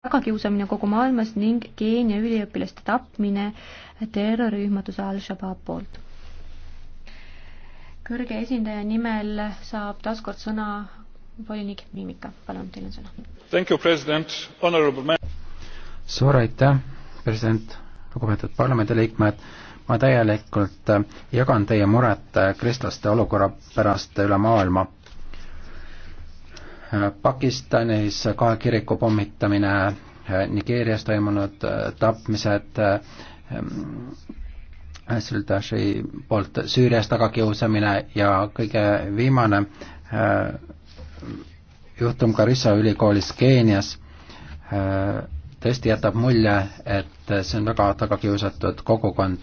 tagakiusamine kogu maailmas ning Keenia üliõpilaste tapmine terrorirühmatuse Al-Shabaab poolt. kõrge esindaja nimel saab taaskord sõna volinik Mimika, palun, teil on sõna. suur aitäh, president, lugupeetud parlamendiliikmed, ma täielikult äh, jagan teie muret äh, kristlaste olukorra pärast üle maailma Pakistanis kahe kiriku pommitamine, Nigeerias toimunud äh, tapmised, äh, mm, Süldaši poolt Süürias tagakiusamine ja kõige viimane äh, juhtum Garissa ülikoolis Keenias tõesti jätab mulje, et see on väga tagakiusatud kogukond.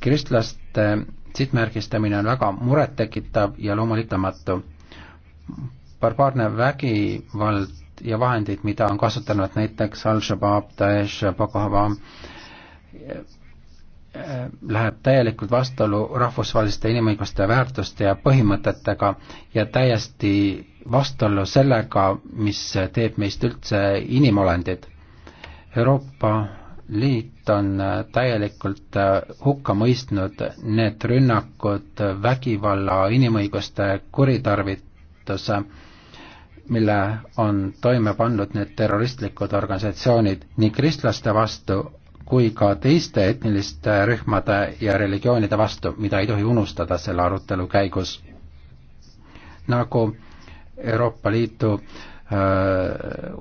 kristlaste sihtmärgistamine on väga murettekitav ja loomulikumatu barbaarne vägivald ja vahendid, mida on kasutanud näiteks Al-Shabaab, Daesh ja Boko Haram, läheb täielikult vastuolu rahvusvaheliste inimõiguste väärtuste ja põhimõtetega ja täiesti vastuollu sellega, mis teeb meist üldse inimolendid. Euroopa Liit on täielikult hukka mõistnud need rünnakud, vägivalla, inimõiguste kuritarvituse mille on toime pannud need terroristlikud organisatsioonid nii kristlaste vastu kui ka teiste etniliste rühmade ja religioonide vastu, mida ei tohi unustada selle arutelu käigus. nagu Euroopa Liidu öö, äh,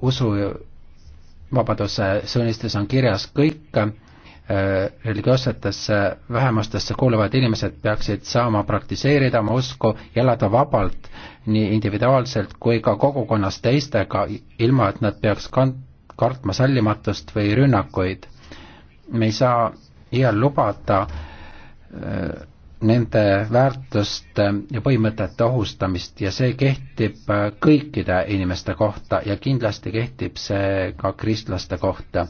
usuvabaduse sõnistes on kirjas, kõik Äh, religioossetesse vähemustesse kuuluvad inimesed peaksid saama praktiseerida oma usku ja elada vabalt nii individuaalselt kui ka kogukonnas teistega, ilma et nad peaks kant-, kartma sallimatust või rünnakuid. me ei saa iial lubada äh, nende väärtuste ja põhimõtete ohustamist ja see kehtib äh, kõikide inimeste kohta ja kindlasti kehtib see ka kristlaste kohta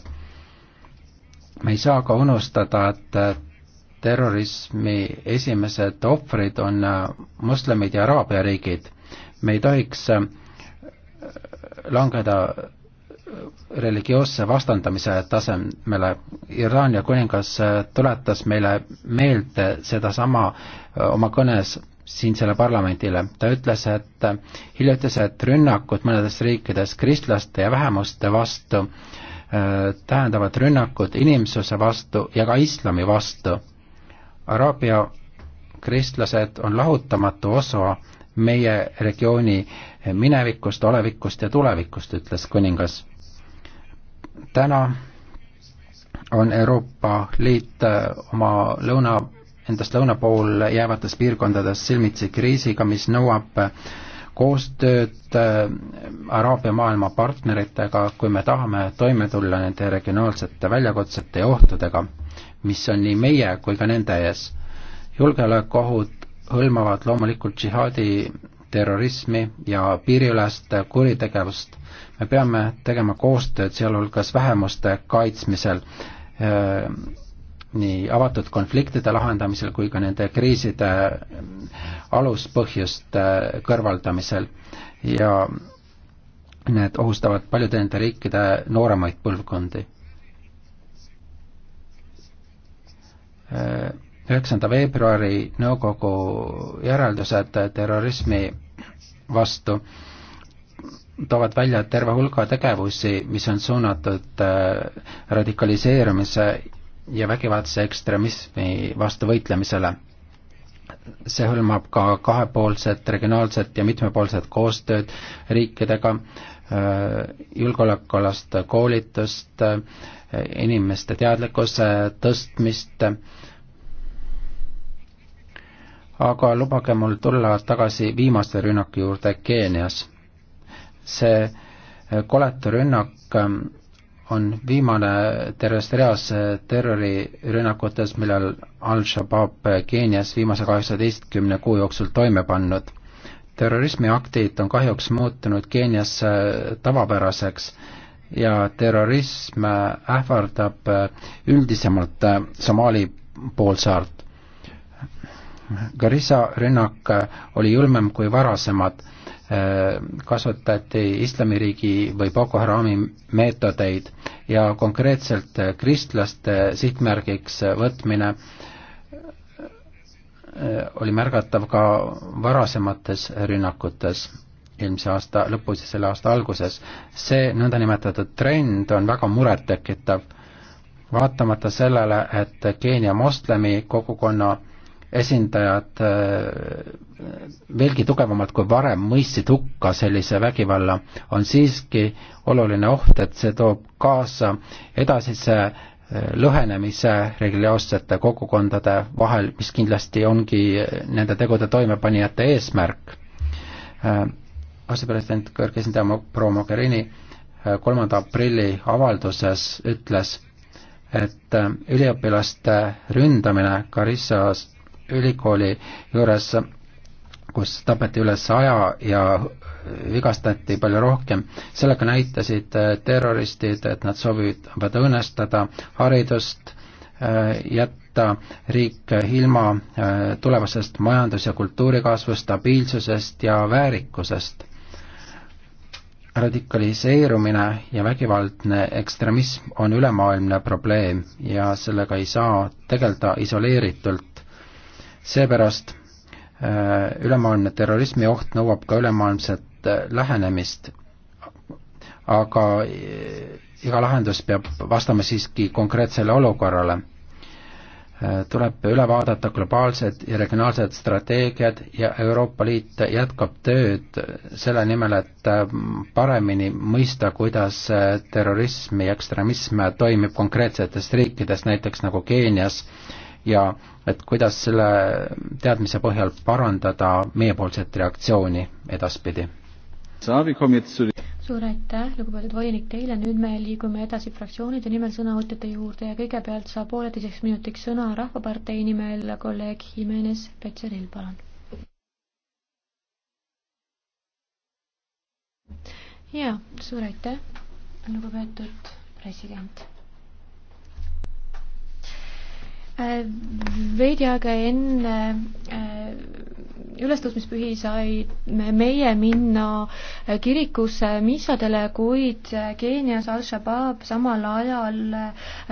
me ei saa ka unustada, et terrorismi esimesed ohvrid on äh, moslemid ja araabia riigid. me ei tohiks äh, langeda äh, religioosse vastandamise tasemele. Iraania kuningas tuletas meile meelde sedasama oma kõnes siinsele parlamendile. ta ütles, et hiljutised rünnakud mõnedes riikides kristlaste ja vähemuste vastu äh, tähendavat rünnakut inimsuse vastu ja ka islami vastu. Araabia kristlased on lahutamatu osa meie regiooni minevikust, olevikust ja tulevikust, ütles kuningas. täna on Euroopa Liit äh, oma lõuna, endast lõuna pool jäävates piirkondades silmitsi kriisiga, mis nõuab äh, koostööd äh, Araabia maailma partneritega, kui me tahame toime tulla nende regionaalsete väljakutsete ja ohtudega, mis on nii meie kui ka nende ees. julgeolekuohud hõlmavad loomulikult džihaadi terrorismi ja piiriülest kuritegevust. me peame tegema koostööd, sealhulgas vähemuste kaitsmisel äh, nii avatud konfliktide lahendamisel kui ka nende kriiside ähm, aluspõhjuste äh, kõrvaldamisel ja need ohustavad paljude nende riikide nooremaid põlvkondi. Äh, üheksanda veebruari nõukogu järeldused terrorismi vastu toovad välja terve hulga tegevusi, mis on suunatud äh, radikaliseerumise ja vägivaldse ekstremismi vastu võitlemisele. see hõlmab ka kahepoolset, regionaalset ja mitmepoolset koostööd riikidega, äh, julgeolekualast koolitust, äh, inimeste teadlikkuse tõstmist, aga lubage mul tulla tagasi viimase rünnaku juurde Keenias. see koletu rünnak äh, on viimane tervest reas terrorirünnakutes, millal Al-Shabaab Keenias viimase kaheksateistkümne kuu jooksul toime pannud. terrorismiaktid on kahjuks muutunud Keenias äh, tavapäraseks ja terrorism äh, ähvardab äh, üldisemalt Somaali poolsaart. Garissa rünnak oli julmem kui varasemad Äh, kasutati islamiriigi või Boko Harami meetodeid ja konkreetselt äh, kristlaste sihtmärgiks võtmine äh, oli märgatav ka varasemates rünnakutes eelmise aasta lõpus ja selle aasta alguses. see nõndanimetatud trend on väga murettekitav, vaatamata sellele, et Keenia moslemi kogukonna esindajad äh, veelgi tugevamalt kui varem mõistsid hukka sellise vägivalla, on siiski oluline oht, et see toob kaasa edasise äh, lõhenemise religioossete kogukondade vahel, mis kindlasti ongi äh, nende tegude toimepanijate eesmärk. asepresident kõrge esindaja proua Mogherini kolmanda aprilli avalduses ütles, et üliõpilaste ründamine Carissas ülikooli juures, kus tapeti üle saja ja vigastati palju rohkem. sellega näitasid äh, terroristid, et nad soovivad õõnestada haridust, äh, jätta riik ilma äh, tulevasest majandus- ja kultuurikasvust, stabiilsusest ja väärikusest radikaliseerumine ja vägivaldne ekstremism on ülemaailmne probleem ja sellega ei saa tegeleda isoleeritult seepärast äh, ülemaailmne terrorismioht nõuab ka ülemaailmset äh, lähenemist, aga äh, iga lahendus peab vastama siiski konkreetsele olukorrale. tuleb üle vaadata globaalsed ja regionaalsed strateegiad ja Euroopa Liit jätkab tööd selle nimel, et paremini mõista, kuidas terrorism ja ekstremism toimib konkreetsetes riikides, näiteks nagu Keenias äh,, ja et kuidas selle teadmise põhjal parandada meiepoolset reaktsiooni edaspidi. suur aitäh, lugupeetud volinik teile, nüüd me liigume edasi fraktsioonide nimel sõnavõtjate juurde ja kõigepealt saab pooleteiseks minutiks sõna Rahvapartei nimel kolleeg Jimenez Petseril, palun. jaa, suur aitäh, lugupeetud president veidi aega enne äh, ülestõusmispühi sai meie minna äh, kirikusse missadele, kuid äh, Keenias Al-Shabaab samal ajal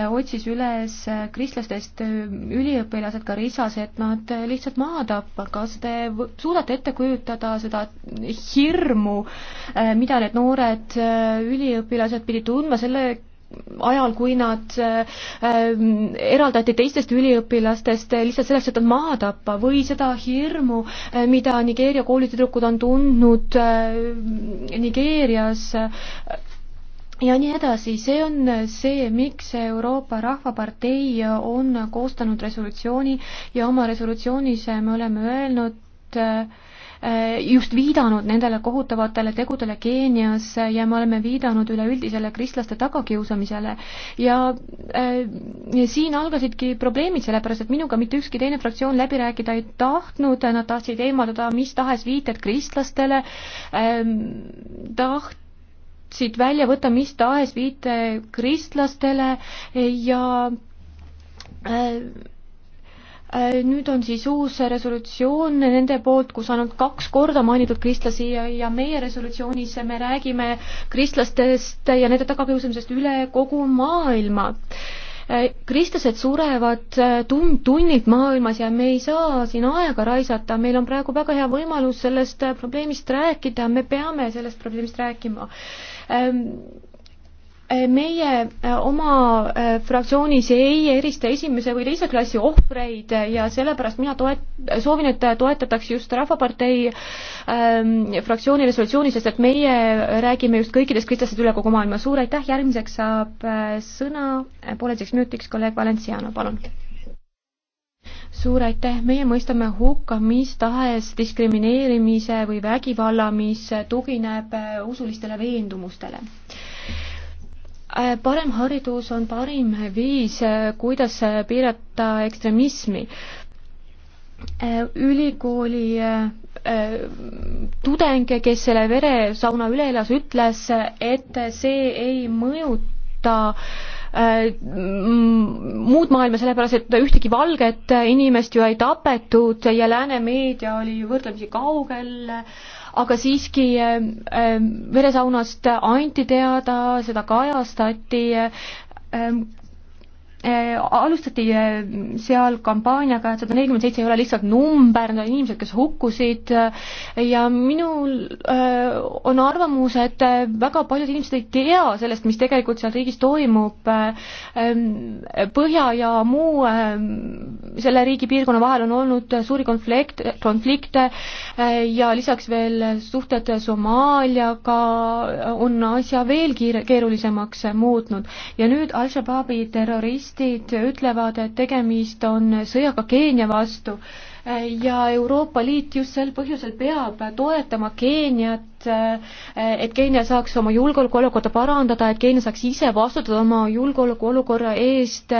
otsis üles kristlastest üliõpilased Garissas, et nad lihtsalt maha tappa. kas te suudate ette kujutada seda hirmu, mida need noored üliõpilased pidid tundma selle ajal, kui nad ähm, eraldati teistest üliõpilastest lihtsalt selleks, et nad maha tappa või seda hirmu, äh, mida Nigeeria koolitüdrukud on tundnud äh, Nigeerias ja nii edasi, see on see, miks Euroopa Rahvapartei on koostanud resolutsiooni ja oma resolutsioonis me oleme öelnud, äh, Eh, just viidanud nendele kohutavatele tegudele Keenias ja me oleme viidanud üleüldisele kristlaste tagakiusamisele ja, eh, ja siin algasidki probleemid, sellepärast et minuga mitte ükski teine fraktsioon läbi rääkida ei tahtnud, nad tahtsid eemaldada mis tahes viited kristlastele, ehm, taht-, siit välja võtta mis tahes viite kristlastele ja äh, Äh, nüüd on siis uus resolutsioon nende poolt, kus ainult kaks korda mainitud kristlasi ja, ja meie resolutsioonis me räägime kristlastest ja nende tagakiusamisest üle kogu maailma. Äh, kristlased surevad äh, tund tunnilt maailmas ja me ei saa siin aega raisata, meil on praegu väga hea võimalus sellest probleemist rääkida, me peame sellest probleemist rääkima ähm, Äh, meie äh, oma äh, fraktsioonis ei erista esimese või teise klassi ohvreid ja sellepärast mina toet-, soovin, et toetataks just Rahvapartei ähm, fraktsiooni resolutsiooni, sest et meie räägime just kõikidest kristlastest üle kogu maailma. suur aitäh, järgmiseks saab sõna pooleteiseks minutiks kolleeg Valenciano, palun. suur aitäh, meie mõistame hukka mis tahes diskrimineerimise või vägivalla, mis tugineb usulistele veendumustele Äh, parem haridus on parim viis, äh, kuidas äh, piirata ekstremismi. Ülikooli tudeng, kes selle veresauna üle elas, ütles, et see ei mõjuta muud maailma, sellepärast et ühtegi valget inimest ju ei tapetud ja lääne meedia oli võrdlemisi kaugel äh, aga siiski ähm, ähm, veresaunast anti teada, seda kajastati ähm, Äh, alustati äh, seal kampaaniaga, et sada nelikümmend seitse ei ole lihtsalt number, need on inimesed, kes hukkusid äh, ja minul on arvamus, et väga paljud inimesed ei tea sellest, mis tegelikult seal riigis toimub. Ähm, põhja ja muu selle riigi piirkonna vahel on olnud suuri konflikt, konflikte ja lisaks veel suhted Somaaliaga on asja veel kiire, keerulisemaks muutnud ja nüüd Al-Shabaabi terrorist aktivistid ütlevad, et tegemist on sõjaga Keenia vastu ja Euroopa Liit just sel põhjusel peab toetama Keeniat, et Keenia saaks oma julgeolekuolukorda parandada, et Keenia saaks ise vastutada oma julgeolekuolukorra eest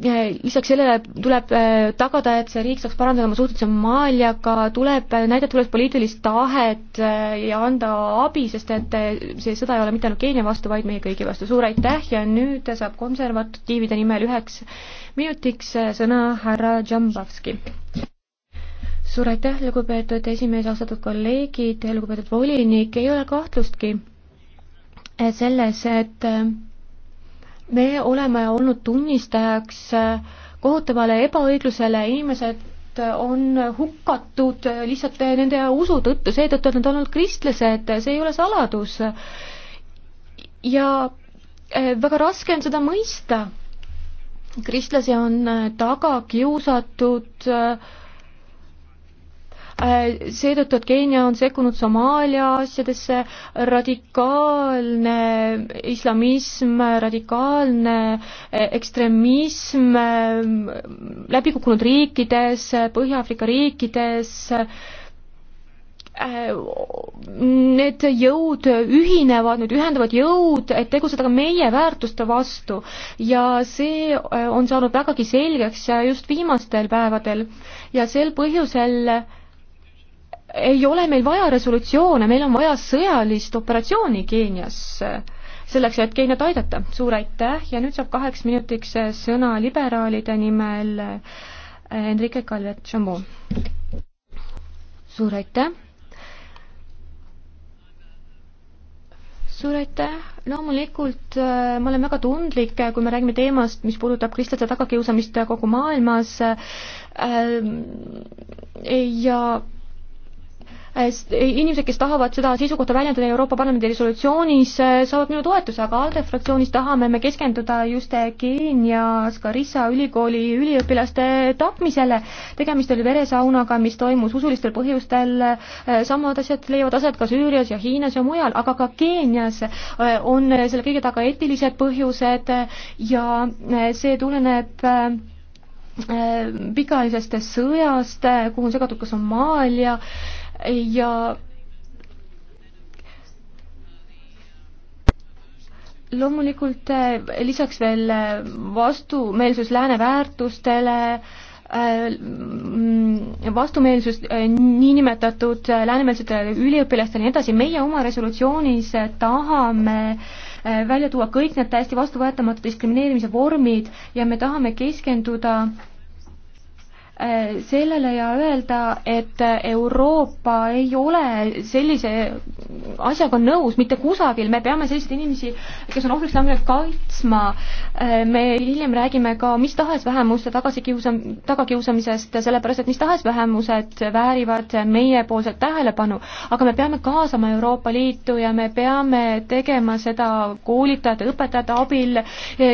lisaks sellele tuleb äh, tagada, et see riik saaks parandada oma suhtluse Maliaga, tuleb äh, näidata üles poliitilist tahet äh, ja anda abi, sest et see sõda ei ole mitte ainult Keenia vastu, vaid meie kõigi vastu. suur aitäh ja nüüd saab konservatiivide nimel üheks minutiks sõna härra Džambavski. suur aitäh, lugupeetud esimees, austatud kolleegid, lugupeetud volinik, ei ole kahtlustki selles, et me oleme olnud tunnistajaks kohutavale ebaõiglusele, inimesed on hukatud lihtsalt nende usu tõttu, seetõttu, et nad on olnud kristlased, see ei ole saladus. ja eh, väga raske on seda mõista. kristlasi on taga kiusatud äh, Äh, seetõttu, et Keenia on sekkunud Somaalia asjadesse, radikaalne islamism, radikaalne äh, ekstremism äh, läbikukkunud riikides, Põhja-Aafrika riikides, need jõud ühinevad, need ühendavad jõud, et tegutseda ka meie väärtuste vastu ja see on saanud vägagi selgeks just viimastel päevadel ja sel põhjusel äh, ei ole meil vaja resolutsioone, meil on vaja sõjalist operatsiooni Keenias selleks, et Keeniat aidata. suur aitäh ja nüüd saab kaheks minutiks sõna liberaalide nimel eh, Enrique Calvet-Chambu. suur aitäh. suur aitäh, loomulikult eh, ma olen väga tundlik, eh, kui me räägime teemast, mis puudutab kristlaste tagakiusamist kogu maailmas ja Eh, inimesed, kes tahavad seda seisukohta väljendada Euroopa Parlamendi resolutsioonis, eh, saavad minu toetuse, aga ALDE fraktsioonis tahame me keskenduda just eh, Keenia Scarissa ülikooli üliõpilaste tapmisele. tegemist oli veresaunaga, mis toimus usulistel põhjustel, samad asjad leiavad aset ka Süürias ja Hiinas ja mujal, aga ka Keenias on selle kõige taga eetilised põhjused ja see tuleneb pikaajalisest sõjast, kuhu on segatud ka Somaalia ja loomulikult eh, lisaks veel eh, vastumeelsus lääne väärtustele, eh, mm, vastumeelsus niinimetatud läänemeelsetele üliõpilastele ja nii edasi, meie oma resolutsioonis tahame välja tuua kõik need täiesti vastuvõetamatu diskrimineerimise vormid ja me tahame keskenduda Äh, sellele ja öelda, et Euroopa ei ole sellise asjaga nõus mitte kusagil, me peame selliseid inimesi, kes on ohvriks langenud, kaitsma. Äh, me hiljem räägime ka mis tahes vähemuste tagasikiusam-, tagakiusamisest, sellepärast et mis tahes vähemused väärivad meiepoolset tähelepanu, aga me peame kaasama Euroopa Liitu ja me peame tegema seda koolitajate, õpetajate abil,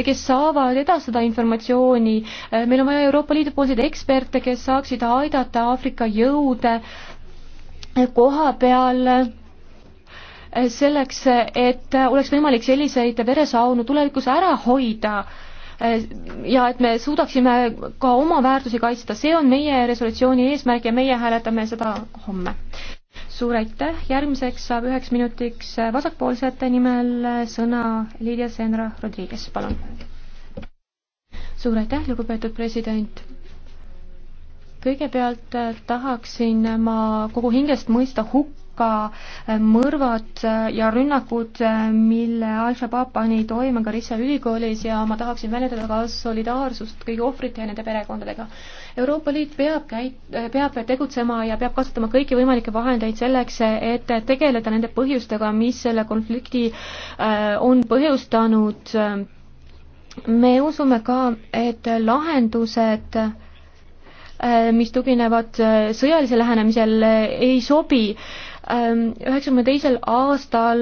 kes saavad edastada informatsiooni, äh, meil on vaja Euroopa Liidu poolseid eksperte, eksperte, kes saaksid aidata Aafrika jõude koha peal selleks, et oleks võimalik selliseid veresaunu tulevikus ära hoida ja et me suudaksime ka oma väärtusi kaitsta, see on meie resolutsiooni eesmärk ja meie hääletame seda homme. suur aitäh, järgmiseks saab üheks minutiks vasakpoolsete nimel sõna Lidia Senra Rodriguez, palun. suur aitäh, lugupeetud president kõigepealt äh, tahaksin ma kogu hingest mõista hukka äh, mõrvad äh, ja rünnakud, mille Al-Shabaab pani toime Garissa ülikoolis ja ma tahaksin väljendada ka solidaarsust kõigi ohvrite ja nende perekondadega. Euroopa Liit peab käit-, peab tegutsema ja peab kasutama kõiki võimalikke vahendeid selleks, et tegeleda nende põhjustega, mis selle konflikti on põhjustanud. me usume ka, et lahendused Äh, mis tuginevad äh, sõjalisel lähenemisel, äh, ei sobi. Ähm, üheksakümne teisel aastal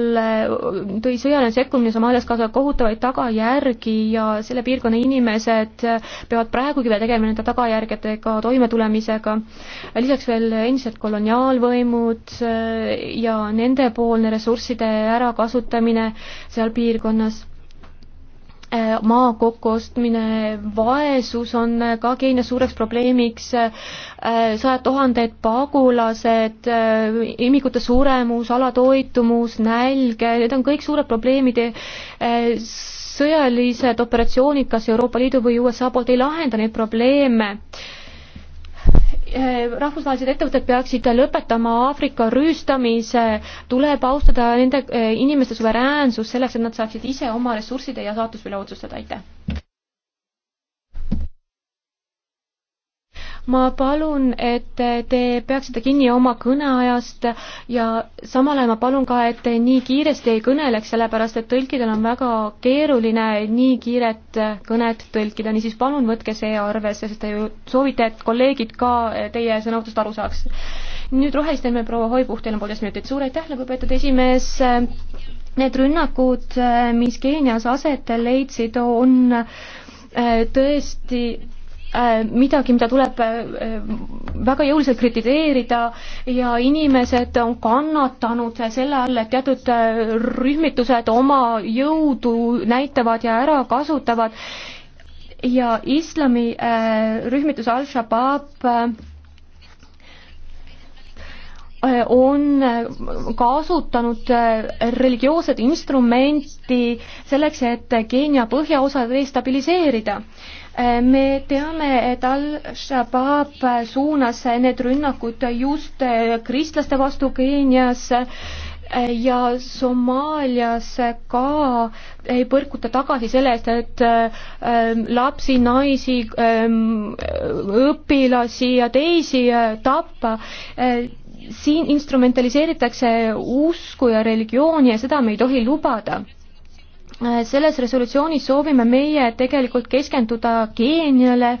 tõi sõjaline sekkumine Somaalias kaasa kohutavaid tagajärgi ja selle piirkonna inimesed peavad praegugi veel tegelema nende tagajärgedega toimetulemisega. lisaks veel endised koloniaalvõimud ja nendepoolne ressursside ärakasutamine seal piirkonnas maa kokkuostmine, vaesus on ka Keenias suureks probleemiks, sajad tuhanded pagulased, imikute suremus, alatoitumus, nälg, need on kõik suured probleemid sõjalised operatsioonid kas Euroopa Liidu või USA poolt ei lahenda neid probleeme Eh, rahvusvahelised ettevõtted peaksid lõpetama Aafrika rüüstamise, tuleb austada nende eh, inimeste suveräänsust selleks, et nad saaksid ise oma ressursside ja saatuse üle otsustada, aitäh! ma palun, et te peaksite kinni oma kõneajast ja samal ajal ma palun ka, et te nii kiiresti ei kõneleks, sellepärast et tõlkidel on väga keeruline nii kiiret kõnet tõlkida, niisiis palun võtke see arvesse, sest te ju soovite, et kolleegid ka teie sõnavõtust aru saaks. nüüd roheliste nimel proua Hoibuht, teil on poolteist minutit, suur aitäh, lugupeetud esimees need rünnakud, mis Keenias aset leidsid, on äh, tõesti Äh, midagi, mida tuleb äh, väga jõuliselt kritiseerida ja inimesed on kannatanud selle all, et teatud äh, rühmitused oma jõudu näitavad ja ära kasutavad ja islami rühmitus Al-Shabaab on kasutanud religioosset instrumenti selleks, et Keenia põhjaosa destabiliseerida me teame, et Al-Shabaab suunas need rünnakud just eh, kristlaste vastu Keenias eh, ja Somaalias ka ei põrkuta tagasi selle eest, et eh, lapsi, naisi, õpilasi ja teisi tappa siin instrumentaliseeritakse usku ja religiooni ja seda me ei tohi lubada Äh, selles resolutsioonis soovime meie tegelikult keskenduda Keeniale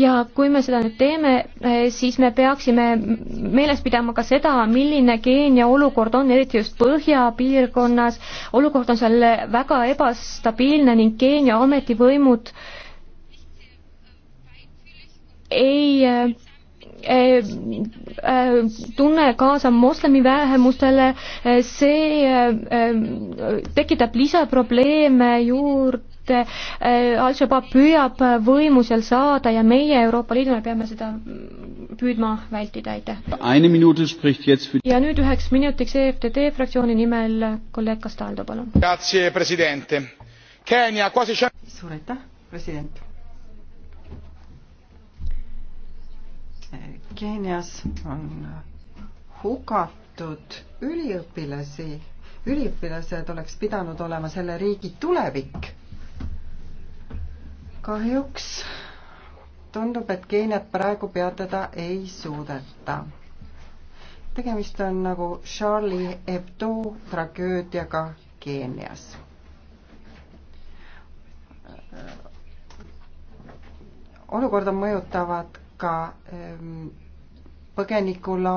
ja kui me seda nüüd teeme, äh, siis me peaksime meeles pidama ka seda, milline Keenia olukord on, eriti just põhjapiirkonnas. olukord on seal väga ebastabiilne ning Keenia ametivõimud ei äh, Äh, äh, tunne kaasa moslemi vähemustele, see äh, tekitab lisaprobleeme juurde, Al-Shabaab püüab võimu seal saada ja meie Euroopa Liiduna peame seda püüdma vältida, aitäh. ja nüüd üheks minutiks EFTD fraktsiooni nimel kolleeg Castaldo, palun. suur aitäh, president Keenias on hukatud üliõpilasi, üliõpilased oleks pidanud olema selle riigi tulevik. kahjuks tundub, et Keeniat praegu peatada ei suudeta. tegemist on nagu Charlie Hebdo tragöödiaga Keenias. olukorda mõjutavad ka ähm, põgenikula,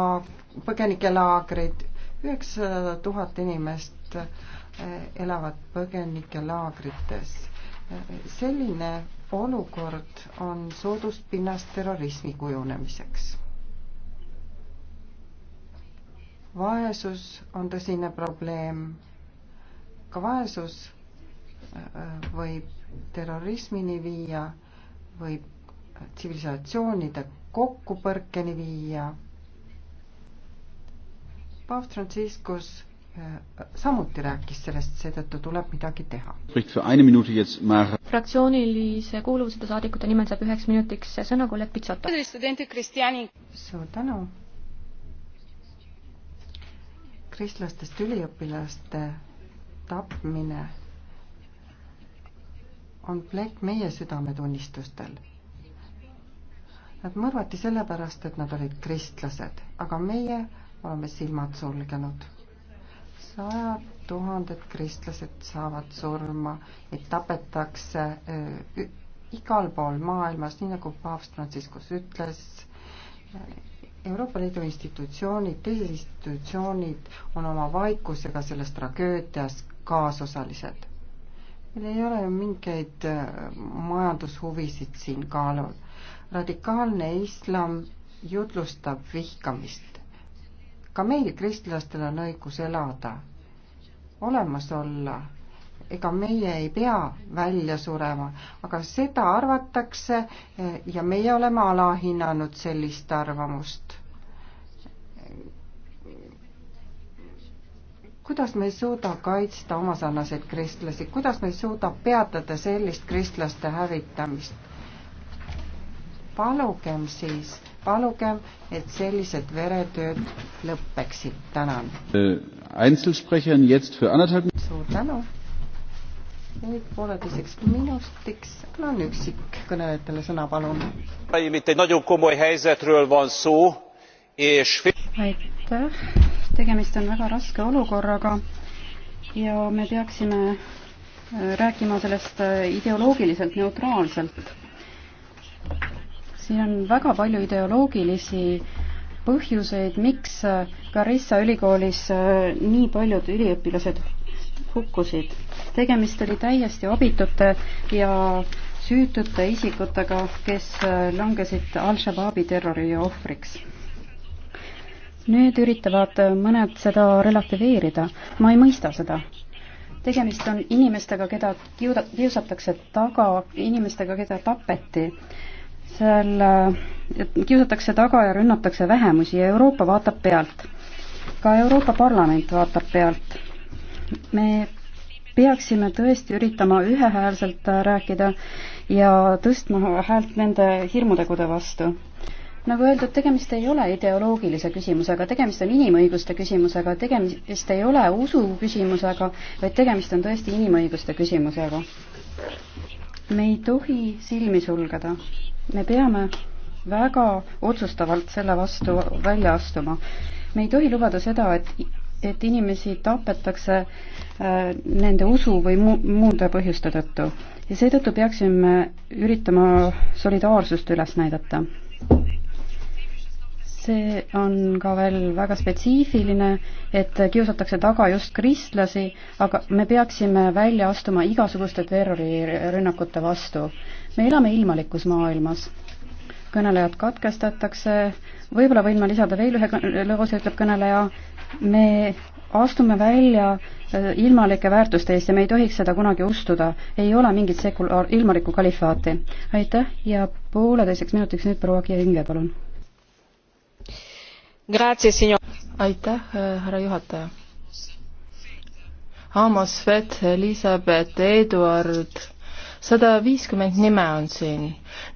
põgenikelaagrid, üheksasada tuhat inimest eh, elavad põgenikelaagrites. selline olukord on sooduspinnas terrorismi kujunemiseks. vaesus on tõsine probleem. ka vaesus eh, võib terrorismini viia, võib tsivilisatsioonide kokkupõrkeni viia. paavst Franciscus äh, samuti rääkis sellest, seetõttu tuleb midagi teha. fraktsioonilise kuuluvuseta saadikute nimel saab üheks minutiks sõna kolleeg Pitsoto. suur tänu. kristlastest üliõpilaste tapmine on plekk meie südametunnistustel Nad mõrvati sellepärast, et nad olid kristlased, aga meie oleme silmad sulgenud. sajad tuhanded kristlased saavad surma, neid tapetakse äh, igal pool maailmas, nii nagu paavst Franciscus ütles. Euroopa Liidu institutsioonid, teised institutsioonid on oma vaikusega selles tragöödias kaasosalised. meil ei ole ju mingeid äh, majandushuvisid siin kaalul radikaalne islam jutlustab vihkamist. ka meil, kristlastel, on õigus elada, olemas olla. ega meie ei pea välja surema, aga seda arvatakse eh, ja meie oleme alahinnanud sellist arvamust. kuidas me ei suuda kaitsta omasarnaseid kristlasi, kuidas me ei suuda peatada sellist kristlaste hävitamist? palugem siis, palugem, et sellised veretööd lõpeksid. tänan. Äh, suur tänu. nüüd pooleteiseks minutiks annan no, üksikkõnelejatele sõna, palun. aitäh, tegemist on väga raske olukorraga ja me peaksime äh, rääkima sellest äh, ideoloogiliselt neutraalselt siin on väga palju ideoloogilisi põhjuseid, miks Garissa ülikoolis äh, nii paljud üliõpilased hukkusid. tegemist oli täiesti abitute ja süütute isikutega, kes äh, langesid Al-Shabaabi terrori ohvriks. nüüd üritavad mõned seda relativeerida. ma ei mõista seda tegemist on inimestega, keda kiusatakse taga, inimestega, keda tapeti seal kiusatakse taga ja rünnatakse vähemusi ja Euroopa vaatab pealt. ka Euroopa Parlament vaatab pealt. me peaksime tõesti üritama ühehäälselt rääkida ja tõstma häält nende hirmutegude vastu. nagu öeldud, tegemist ei ole ideoloogilise küsimusega, tegemist on inimõiguste küsimusega, tegemist ei ole usu küsimusega, vaid tegemist on tõesti inimõiguste küsimusega. me ei tohi silmi sulgeda me peame väga otsustavalt selle vastu välja astuma. me ei tohi lubada seda, et, et inimesi tapetakse äh, nende usu või muu, muude põhjuste tõttu ja seetõttu peaksime üritama solidaarsust üles näidata. see on ka veel väga spetsiifiline, et kiusatakse taga just kristlasi, aga me peaksime välja astuma igasuguste terrorirünnakute vastu me elame ilmalikus maailmas. kõnelejad katkestatakse, võib-olla võin ma lisada veel ühe lause, ütleb kõneleja, me astume välja äh, ilmalike väärtuste eest ja me ei tohiks seda kunagi ustuda. ei ole mingit sekulaar, ilmalikku kalifaati. aitäh ja pooleteiseks minutiks nüüd proua Kiringe, palun. aitäh, äh, härra juhataja. Amos Fett, Elizabeth, Eduard sada viiskümmend nime on siin.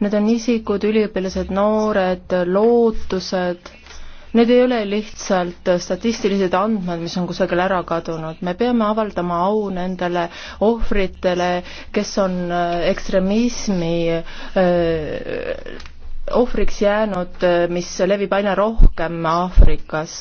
Need on isikud, üliõpilased, noored, lootused, need ei ole lihtsalt statistilised andmed, mis on kusagil ära kadunud, me peame avaldama au nendele ohvritele, kes on äh, ekstremismi öö, äh, ohvriks jäänud, äh, mis levib aina rohkem Aafrikas.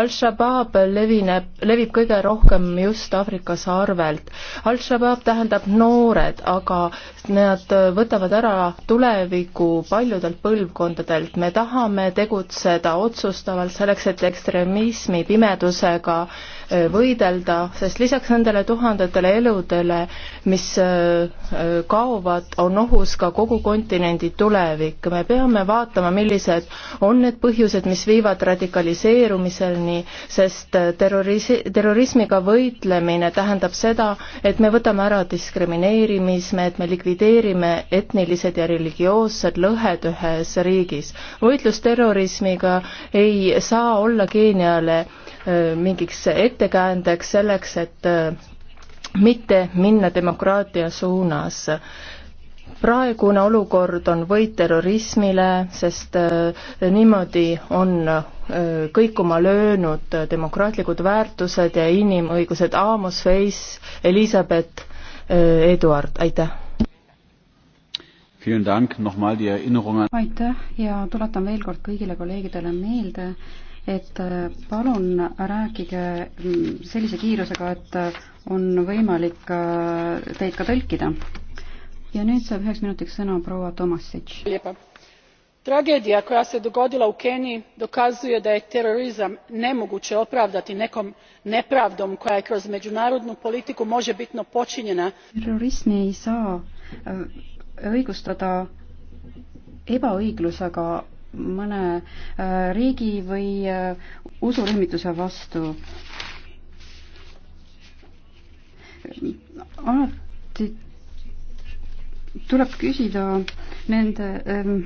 Al-Shabaab levineb, levib kõige rohkem just Aafrika sarvelt. Al-Shabaab tähendab noored, aga nad võtavad ära tuleviku paljudelt põlvkondadelt. me tahame tegutseda otsustavalt selleks, et ekstremismi pimedusega Äh, võidelda, sest lisaks nendele tuhandetele eludele, mis äh, äh, kaovad, on ohus ka kogu kontinendi tulevik. me peame vaatama, millised on need põhjused, mis viivad radikaliseerumiseni, sest terroris-, terrorismiga võitlemine tähendab seda, et me võtame ära diskrimineerimisme, et me likvideerime etnilised ja religioossed lõhed ühes riigis. võitlus terrorismiga ei saa olla Keeniale Äh, mingiks ettekäändeks selleks, et äh, mitte minna demokraatia suunas praegune olukord on võit terrorismile, sest äh, niimoodi on kõikuma löönud demokraatlikud väärtused ja inimõigused. Amos Feiss, Elizabeth, Eduard, aitäh! aitäh ja tuletan veel kord kõigile kolleegidele meelde, et äh, palun rääkige mm, sellise kiirusega, et äh, on võimalik äh, teid ka tõlkida. ja nüüd saab üheks minutiks sõna proua Tomasic. Tragedija koja se dogodila u Keniji dokazuje da je terorizam nemoguće opravdati nekom nepravdom koja je kroz međunarodnu politiku možebitno počinjena. Terorismi ei saa õigustada ebaõiglusega mõne äh, riigi või äh, usurühmituse vastu. alati tuleb küsida nende ähm,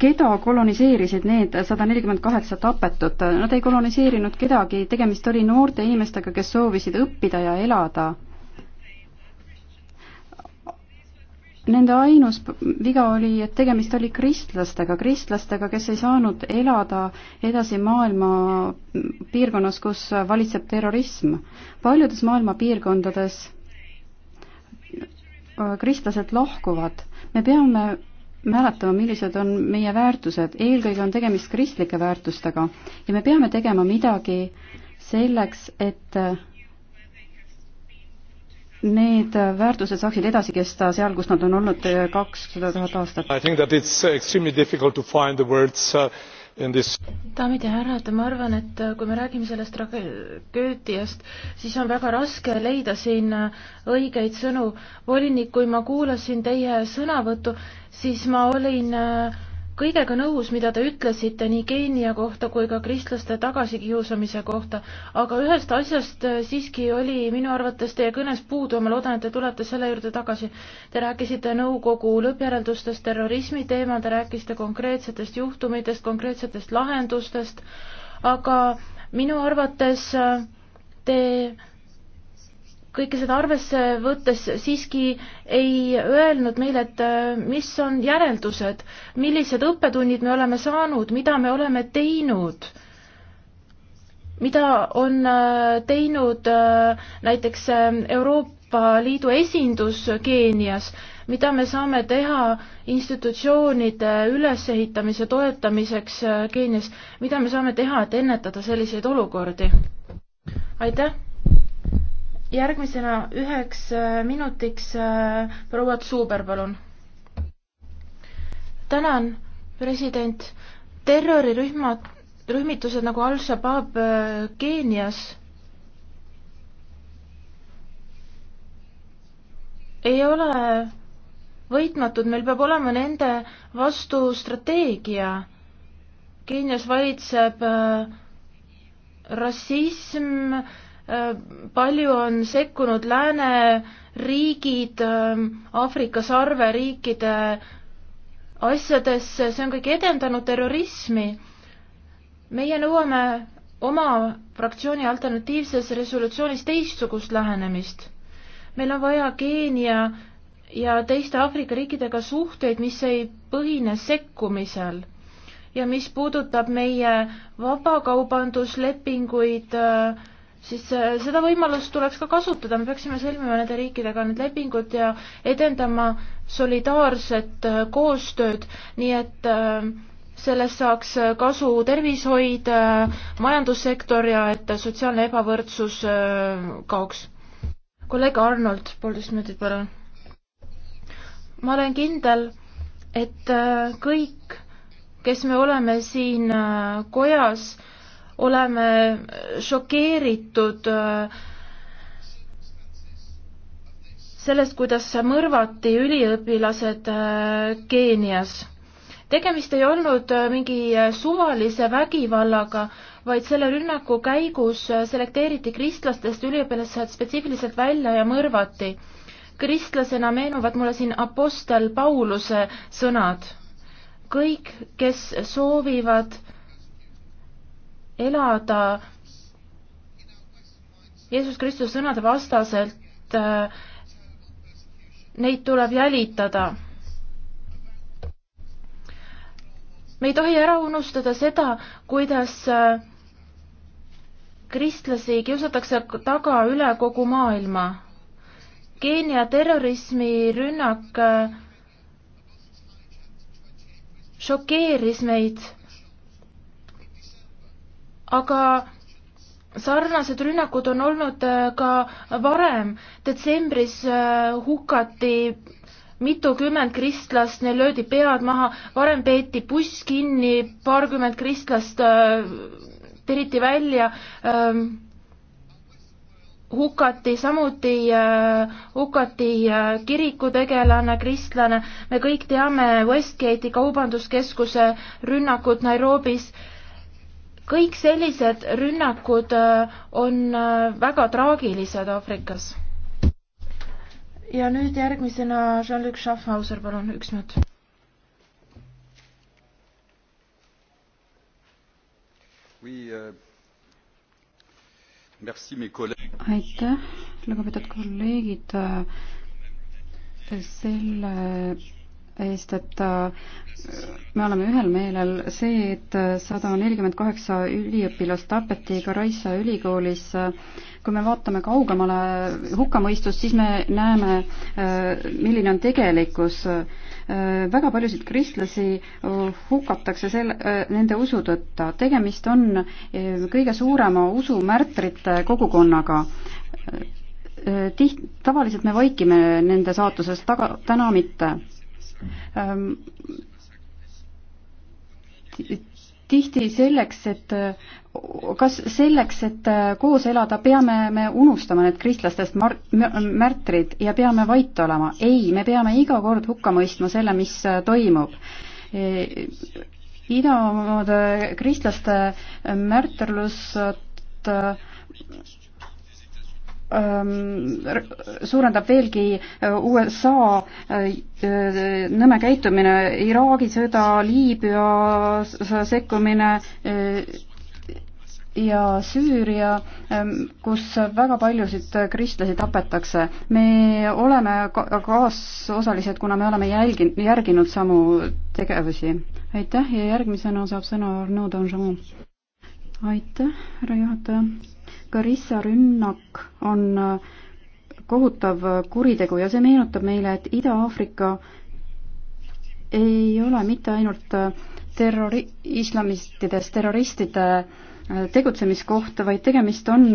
keda koloniseerisid need sada nelikümmend kaheksa tapetut, nad ei koloniseerinud kedagi, tegemist oli noorte inimestega, kes soovisid õppida ja elada Nende ainus viga oli, et tegemist oli kristlastega, kristlastega, kes ei saanud elada edasi maailma piirkonnas, kus valitseb terrorism. paljudes maailma piirkondades äh, kristlased lahkuvad. me peame mäletama, millised on meie väärtused, eelkõige on tegemist kristlike väärtustega ja me peame tegema midagi selleks, et äh, need väärtused saaksid edasi kesta seal, kus nad on olnud kakssada tuhat aastat. Uh, uh, daamid ja härrad, ma arvan, et uh, kui me räägime sellest tragöödiast, siis on väga raske leida siin õigeid sõnu. volinik, kui ma kuulasin teie sõnavõttu, siis ma olin äh, kõigega nõus, mida te ütlesite nii Keenia kohta kui ka kristlaste tagasikiusamise kohta, aga ühest asjast äh, siiski oli minu arvates teie kõnes puudu ja ma loodan, et te tulete selle juurde tagasi. Te rääkisite nõukogu lõppjäreldustest terrorismi teemal, te rääkisite konkreetsetest juhtumitest, konkreetsetest lahendustest, aga minu arvates äh, te kõike seda arvesse võttes siiski ei öelnud meile, et äh, mis on järeldused, millised õppetunnid me oleme saanud, mida me oleme teinud, mida on äh, teinud äh, näiteks Euroopa Liidu esindus Keenias, mida me saame teha institutsioonide ülesehitamise toetamiseks Keenias, mida me saame teha, et ennetada selliseid olukordi? aitäh! järgmisena üheks äh, minutiks äh, proua Zuber, palun. tänan, president. terrorirühmad, rühmitused nagu Al-Shabaab äh, Keenias ei ole võitmatud, meil peab olema nende vastu strateegia. Keenias valitseb rassism äh,, palju on sekkunud lääneriigid ähm, Aafrika sarveriikide asjadesse, see on kõik edendanud terrorismi. meie nõuame oma fraktsiooni alternatiivses resolutsioonis teistsugust lähenemist. meil on vaja Keenia ja teiste Aafrika riikidega suhteid, mis ei põhine sekkumisel ja mis puudutab meie vabakaubanduslepinguid äh, siis äh, seda võimalust tuleks ka kasutada, me peaksime sõlmima nende riikidega need lepingud ja edendama solidaarset äh, koostööd, nii et äh, sellest saaks kasu tervishoid, majandussektor ja et sotsiaalne ebavõrdsus kaoks. kolleeg Arnold, poolteist minutit, palun. ma olen kindel, et kõik, kes me oleme siin kojas, oleme šokeeritud äh, sellest, kuidas mõrvati üliõpilased äh, Keenias. tegemist ei olnud äh, mingi suvalise vägivallaga, vaid selle rünnaku käigus selekteeriti kristlastest üliõpilased spetsiifiliselt välja ja mõrvati. kristlasena meenuvad mulle siin Apostel Pauluse sõnad. kõik, kes soovivad elada Jeesus Kristuse sõnade vastaselt, äh, neid tuleb jälitada. me ei tohi ära unustada seda, kuidas äh, kristlasi kiusatakse taga üle kogu maailma. Keenia terrorismirünnak äh, šokeeris meid aga sarnased rünnakud on olnud äh, ka varem. detsembris äh, hukati mitukümmend kristlast, neil löödi pead maha, varem peeti buss kinni, paarkümmend kristlast äh, tiriti välja, ähm, hukati samuti, hukati kirikutegelane, kristlane, me kõik teame Westgate'i kaubanduskeskuse rünnakut Nairobis kõik sellised rünnakud äh, on äh, väga traagilised Aafrikas. ja nüüd järgmisena Jean-Luc Schaffhauser, palun, üks minut. Euh, aitäh, lugupeetud kolleegid, äh, selle eest, et äh, me oleme ühel meelel, see, et sada nelikümmend kaheksa üliõpilast tapeti Karaissa ülikoolis, äh, kui me vaatame kaugemale hukkamõistust, siis me näeme, äh, milline on tegelikkus. väga paljusid kristlasi hukatakse selle, nende usu tõttu. tegemist on kõige suurema usumärtrite kogukonnaga tiht-, tavaliselt me vaikime nende saatusest, aga täna mitte. Ähm, tihti selleks, et kas selleks, et äh, koos elada, peame me unustama need kristlastest mar-, märtrid ja peame vait olema? ei, me peame iga kord hukka mõistma selle, mis äh, toimub e,. idamaade kristlaste märtyrlust äh, Ähm, suurendab veelgi äh, USA äh, nõme käitumine, Iraagi sõda, Liibüa sekkumine äh, ja Süüria, ähm, kus väga paljusid kristlasi tapetakse. me oleme kaasosalised, kuna me oleme jälgi-, järginud samu tegevusi. aitäh ja järgmisena saab sõna Arnaud Donjon. aitäh, härra juhataja Carissa rünnak on äh, kohutav kuritegu ja see meenutab meile, et Ida-Aafrika ei ole mitte ainult äh, terrori-, islamistidest terroristide äh, tegutsemiskoht, vaid tegemist on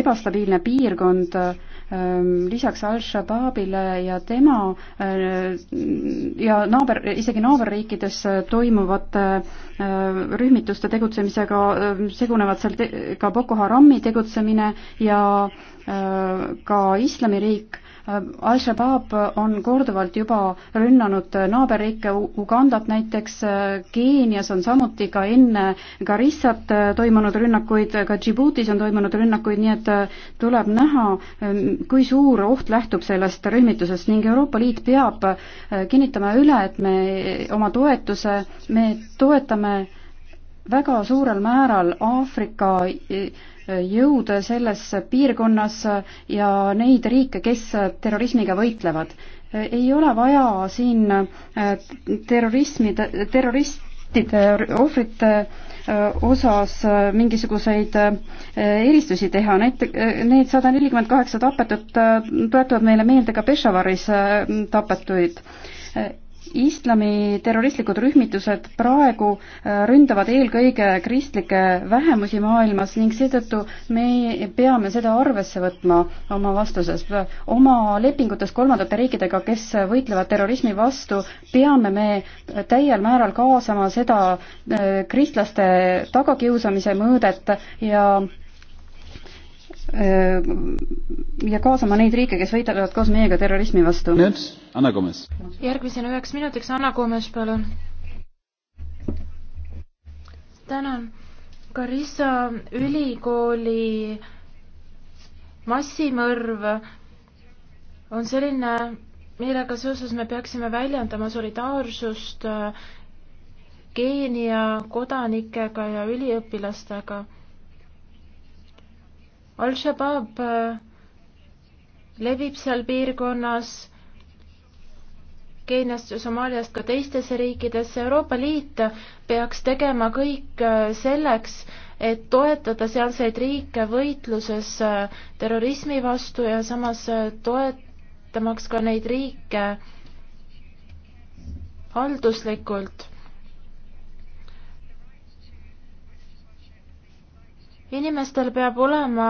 ebastabiilne piirkond, Ehm, lisaks Al-Shabaabile ja tema ehm, ja naaber, isegi naaberriikides ehm, toimuvate rühmituste tegutsemisega segunevad seal te ka Boko Harami tegutsemine ja ka islamiriik Al-Shabaab on korduvalt juba rünnanud naaberriike, Ugandat näiteks, Keenias on samuti ka enne Garissat toimunud rünnakuid, ka Djiboutis on toimunud rünnakuid, nii et äh, tuleb näha, ähm, kui suur oht lähtub sellest rühmitusest ning Euroopa Liit peab äh, kinnitama üle, et me äh, oma toetuse, me toetame väga suurel määral Aafrika jõude selles piirkonnas ja neid riike, kes terrorismiga võitlevad. ei ole vaja siin äh, terrorismi, terroristide ohvrite äh, osas äh, mingisuguseid eristusi teha, näit-, need sada nelikümmend kaheksa tapetut tuletavad meile meelde ka Peshavaris tapetuid islami terroristlikud rühmitused praegu äh, ründavad eelkõige kristlikke vähemusi maailmas ning seetõttu me peame seda arvesse võtma oma vastuses. oma lepingutes kolmandate riikidega, kes võitlevad terrorismi vastu, peame me täiel määral kaasama seda äh, kristlaste tagakiusamise mõõdet ja ja kaasama neid riike, kes võitlevad koos meiega terrorismi vastu. Anna Gomes. järgmisena üheks minutiks Anna Gomes, palun. tänan. Karissa ülikooli massimõrv on selline, millega seoses me peaksime väljendama solidaarsust Keenia äh, kodanikega ja üliõpilastega Al-Shabaab äh, levib seal piirkonnas Keeniast ja Somaaliast ka teistesse riikidesse. Euroopa Liit peaks tegema kõik äh, selleks, et toetada sealseid riike võitluses äh, terrorismi vastu ja samas toetamaks ka neid riike halduslikult. inimestel peab olema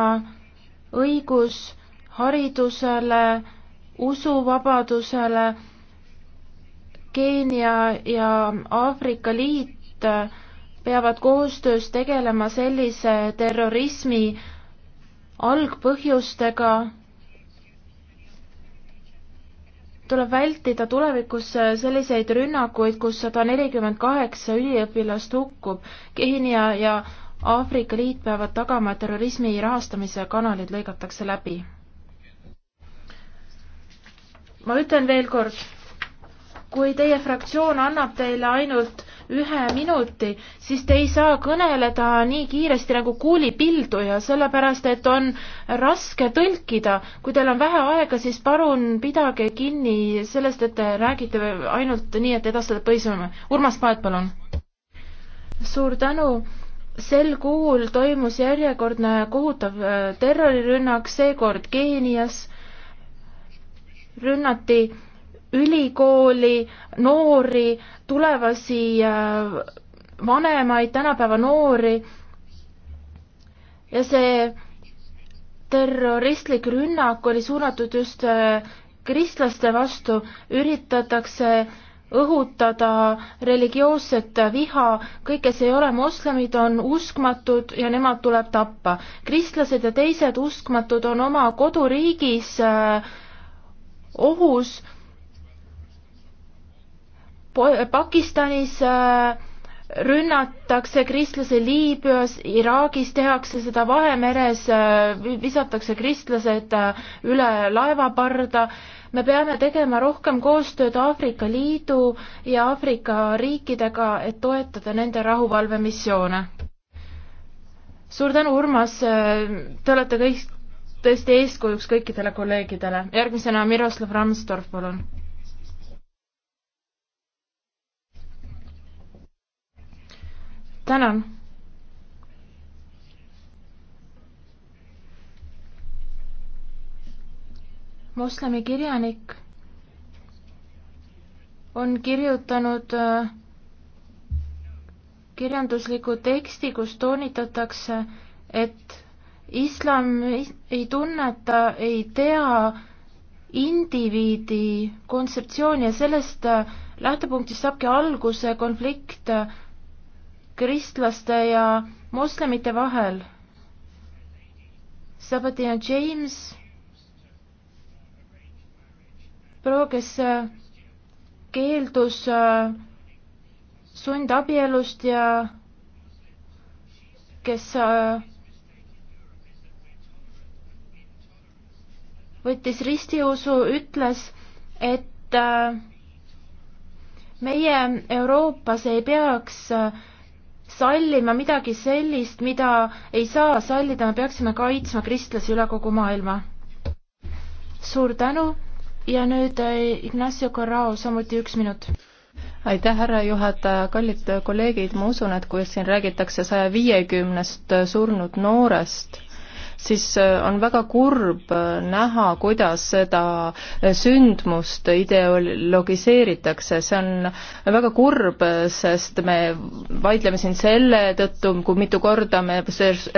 õigus haridusele, usuvabadusele. Keenia ja Aafrika Liit peavad koostöös tegelema sellise terrorismi algpõhjustega. tuleb vältida tulevikus selliseid rünnakuid, kus sada nelikümmend kaheksa üliõpilast hukkub. Keenia ja Aafrika Liit peavad tagama, et terrorismi rahastamise kanalid lõigatakse läbi. ma ütlen veel kord, kui teie fraktsioon annab teile ainult ühe minuti, siis te ei saa kõneleda nii kiiresti nagu kuulipilduja, sellepärast et on raske tõlkida. kui teil on vähe aega, siis palun pidage kinni sellest, et te räägite ainult nii, et edastada põhisõnumi. Urmas Paet, palun. suur tänu sel kuul toimus järjekordne kohutav äh, terrorirünnak, seekord Keenias rünnati ülikooli, noori, tulevasi äh, vanemaid, tänapäeva noori ja see terroristlik rünnak oli suunatud just äh, kristlaste vastu, üritatakse õhutada religioosset viha, kõik, kes ei ole moslemid, on uskmatud ja nemad tuleb tappa. kristlased ja teised uskmatud on oma koduriigis äh, ohus. Pakistanis äh, rünnatakse kristlasi Liibüas, Iraagis tehakse seda Vahemeres, visatakse kristlased äh, üle laevaparda. me peame tegema rohkem koostööd Aafrika Liidu ja Aafrika riikidega, et toetada nende rahuvalvemissioone. suur tänu, Urmas, äh, te olete kõik tõesti eeskujuks kõikidele kolleegidele. järgmisena Miroslav Ransdorf, palun tänan. moslemi kirjanik on kirjutanud äh, kirjandusliku teksti, kus toonitatakse, et islam ei tunneta, ei tea indiviidi kontseptsiooni ja sellest äh, lähtepunktist saabki alguse konflikt äh, kristlaste ja moslemite vahel. Sabatina James, proua, kes äh, keeldus äh, sundabielust ja kes äh, võttis ristiusu, ütles, et meie Euroopas ei peaks äh, sallima midagi sellist, mida ei saa sallida, me peaksime kaitsma kristlasi üle kogu maailma. suur tänu ja nüüd äh, Ignacio Corrao, samuti üks minut aitäh, härra juhataja, kallid kolleegid, ma usun, et kui siin räägitakse saja viiekümnest äh, surnud noorest, siis äh, on väga kurb äh, näha, kuidas seda äh, sündmust ideologiseeritakse, see on väga kurb, sest me vaidleme siin selle tõttu, kui mitu korda me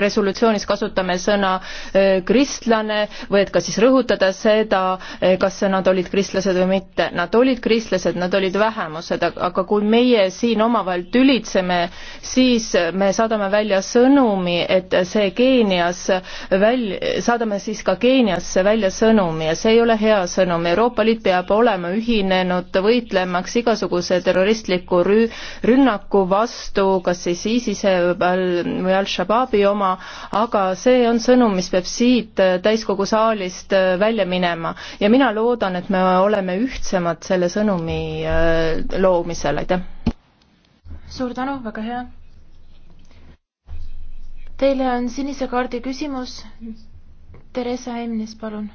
resolutsioonis kasutame sõna kristlane või et kas siis rõhutada seda, kas nad olid kristlased või mitte. Nad olid kristlased, nad olid vähemused, aga kui meie siin omavahel tülitseme, siis me saadame välja sõnumi, et see Keenias väl-, saadame siis ka Keeniasse välja sõnumi ja see ei ole hea sõnum, Euroopa Liit peab olema ühinenud võitlemaks igasuguse terroristliku rü-, rünnaku vastu, kas siis ISISe või Al-Shabaabi oma, aga see on sõnum, mis peab siit täiskogu saalist välja minema ja mina loodan, et me oleme ühtsemad selle sõnumi äh, loomisel, aitäh! suur tänu, väga hea! Teile on sinise kaardi küsimus. Teresa Emnis, palun.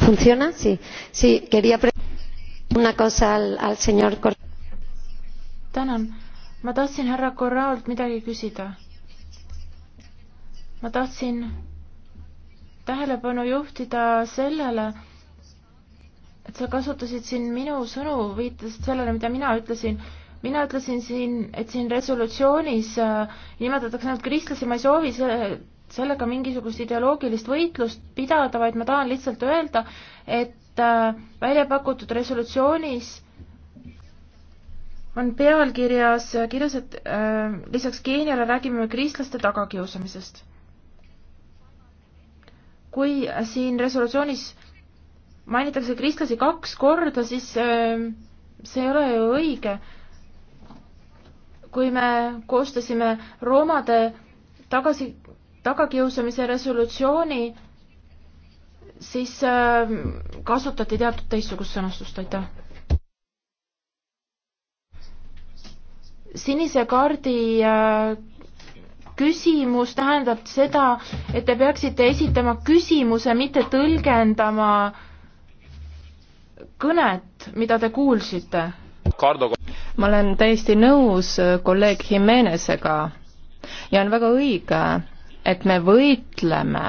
Funciona? Sí. Sí, quería una cosa al, al señor Cor-. tänan. ma tahtsin härra Corraolt midagi küsida. ma tahtsin tähelepanu juhtida sellele, et sa kasutasid siin minu sõnu, viitasid sellele, mida mina ütlesin mina ütlesin siin, et siin resolutsioonis äh, nimetatakse ainult kristlasi, ma ei soovi selle, sellega mingisugust ideoloogilist võitlust pidada, vaid ma tahan lihtsalt öelda, et äh, välja pakutud resolutsioonis on pealkirjas kirjas, et äh, lisaks Keeniale räägime kristlaste tagakiusamisest. kui siin resolutsioonis mainitakse kristlasi kaks korda, siis äh, see ei ole ju õige äh, kui me koostasime roomade tagasi, tagakiusamise resolutsiooni, siis äh, kasutati teatud teistsugust sõnastust, aitäh. sinise kaardi äh, küsimus tähendab seda, et te peaksite esitama küsimuse, mitte tõlgendama kõnet, mida te kuulsite ma olen täiesti nõus äh, kolleeg Jimenezega ja on väga õige, et me võitleme